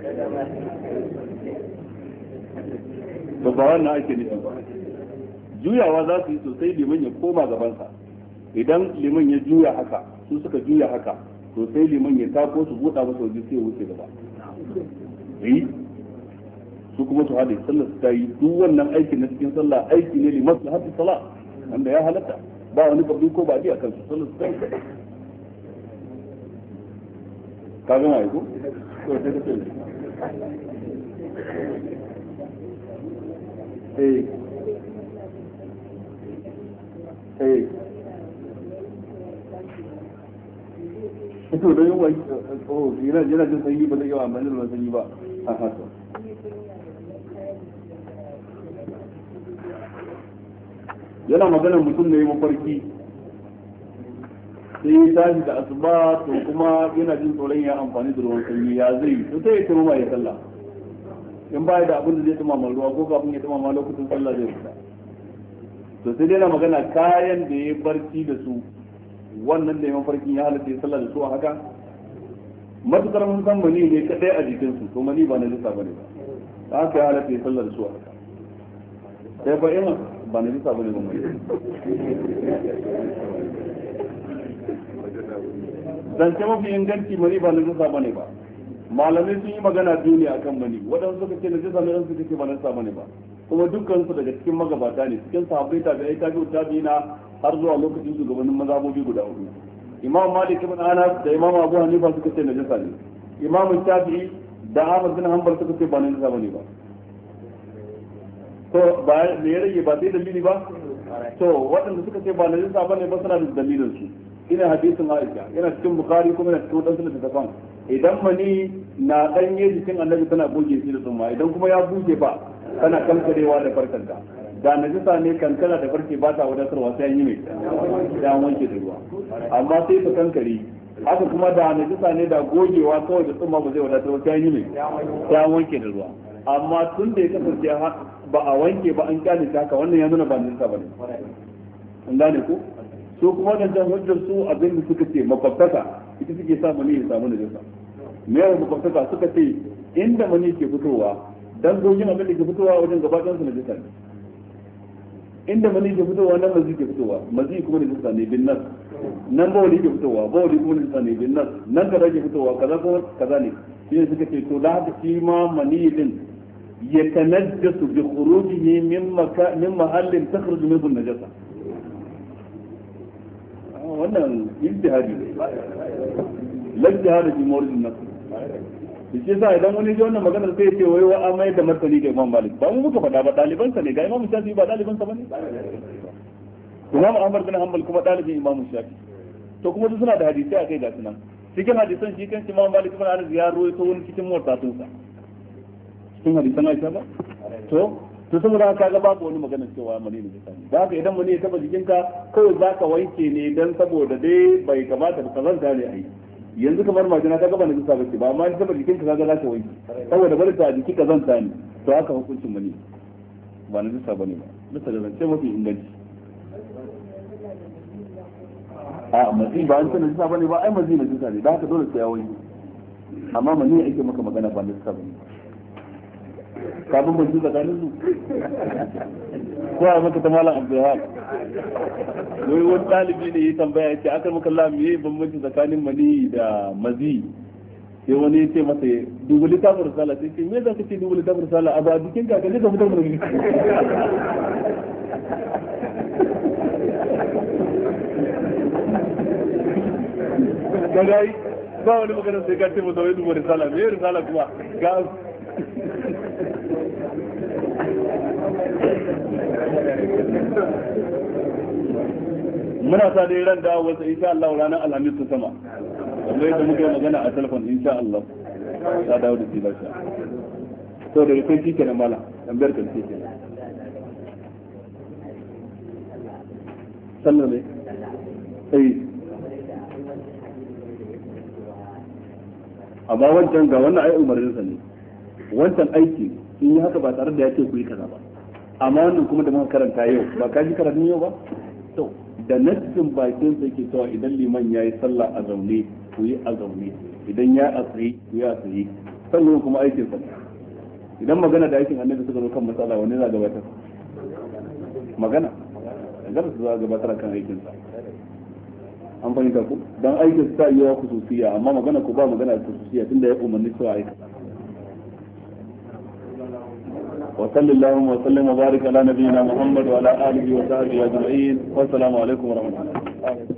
to ba wannan ake nufi ba juyawa za su yi sosai liman ya koma gabansa idan liman ya juya haka su suka juya haka to sai liman ya tako su buɗa masa waje sai ya wuce gaba eh? su kuma su haɗe sallar su ta yi duk wannan aikin na cikin sallah aiki ne liman su haɗe sallah wanda ya halatta ba wani fardu ko ba a kansu sallar su ta yi ka gama yi ko to sai ka ce eh eh ito da yawan oh yana jin sanyi ba zai yawa amfani da sanyi ba a haka yana magana mutum ne mafarki sai ya tashi da asuba to kuma yana jin tsoron ya amfani da ruwan sanyi ya zai to sai ya tuma ya sallah in ba da abin da zai tuma mai ruwa ko kafin ya tuma ma lokacin sallah zai fita to sai dai na magana kayan da ya barci da su wannan da ya mafarkin ya halatta ya sallah da su a haka matukar mun san mani ne kadai a jikinsu to mani ba na lissa bane ba haka ya halatta ya sallah da su a haka sai ba ina ba na jisa bane ba mai zance mafi inganci mani ba na jisa bane ba malamai sun yi magana duniya akan mani waɗansu suka ce na jisa ne suka ce ba na jisa bane ba kuma dukkansu daga cikin magabata ne cikin sahabbai tabi'ai tabi'u tabi'ina har zuwa lokacin shugabannin mazabobi guda hudu imam malik ibn anas da imam abu hanifa suka ce najasa ne imam shafi'i da ahmad bin hanbal suka ce ba najasa bane ba to ba me ya rage ba sai dalili ba to waɗanda suka ce ba na najasa bane ba suna da dalilin su ina hadisin Aisha yana cikin Bukhari kuma yana cikin wadansu littattafan idan mani na danye jikin Annabi tana goge shi da tsumma idan kuma ya buge ba tana kankarewa da farkanta da najasa ne kankana da farke ba ta wadatarwa sai an yi mai da wanke da ruwa amma sai ta kankare haka kuma da najasa ne da gogewa kawai da tsumma ba zai wadatar sai an yi mai ta wanke da ruwa amma tun da ya kasance ba a wanke ba an kyale haka wannan ya nuna ba nisa ba ne an gane ko so kuma da jan hujjar su abin da suka ce makwabtaka ita suke sa mani ya samu najasa me yawan makwabtaka suka ce inda mani ke fitowa dan gogin abin da ke fitowa wajen gabatansu najasa ne inda mani ke fitowa nan mazi ke fitowa mazi kuma najasa ne bin nan nan bawali ke fitowa bawali kuma najasa ne bin nan nan kaza ke fitowa kaza kuma kaza ne shi suka ce to da haka shi ma mani din يتنجس بخروجه من مكان من محل تخرج منه النجاسه. wannan ijtihadi la ijtihadi fi mawrid an shi sa idan wani ji wannan maganar sai ce wai wa amai da martani da Imam Malik ba mu muka fada ba daliban sa ne ga Imam Shafi ba daliban sa bane Imam Ahmad bin Hanbal kuma dalibin Imam Shafi to kuma duk suna da hadisi a kai ga sunan cikin hadisan shi kan Imam Malik bin Anas ya ruwaito wani cikin muwattatunsa sa cikin hadisan Aisha ba to to sun ra ka ga babu wani magana cewa mani ne tsakani da haka idan mani ya taba jikinka kawai zaka wanke ne dan saboda dai bai kamata ka zanta ne ai yanzu kamar majina ta gaba na jisa bace ba amma idan taba jikinka kaga za ka wanke saboda bari ta jiki ka zanta ne to haka hukuncin mani ba ne jisa bane ba bisa da zance mafi inganci a mazi ba an tana jisa bane ba ai mazi na jisa ne da haka dole sai ya wanke amma mani ake maka magana ba na jisa bane ba ka bin banzu tsakanin su ko a maka ta malam abdulhaq wai wani ɗalibi ne ya tambaya ya ce aka maka la me bambanci tsakanin mani da mazi sai wani ya ce masa dubu littafin risala sai ce me za ka ce dubu littafin risala a ba dukin ka ka je ka fitar da ka ga ba wani maganar sai ka ce masa wai dubu risala me risala kuma ga muna sa dai ran dawo wasu insha Allah ranar alhamis ta sama kamar yadda muke magana a telefon insha Allah ta dawo da shi lafiya to da kai shi na mala tambayar kan shi kenan sallah ne eh amma wancan ga wannan ai umarnin sa ne wancan aiki in yi haka ba tare da ya ce ku kaza ba amma wannan kuma da muka karanta yau ba ka ji karatun yau ba to da nassin bakin sa yake cewa idan liman ya yi sallah a zaune ku yi a zaune idan ya a tsaye ku yi a tsaye sannan kuma aikin sa idan magana da aikin annabi suka zo kan matsala wani za gabatar magana magana su za gabatar kan aikin sa an fahimta ku dan aikin sa yawa kususiya amma magana ku ba magana kususiya tunda ya umarni cewa aikata وصلى اللهم وسلم وبارك على نبينا محمد وعلى اله وصحبه اجمعين والسلام عليكم ورحمه الله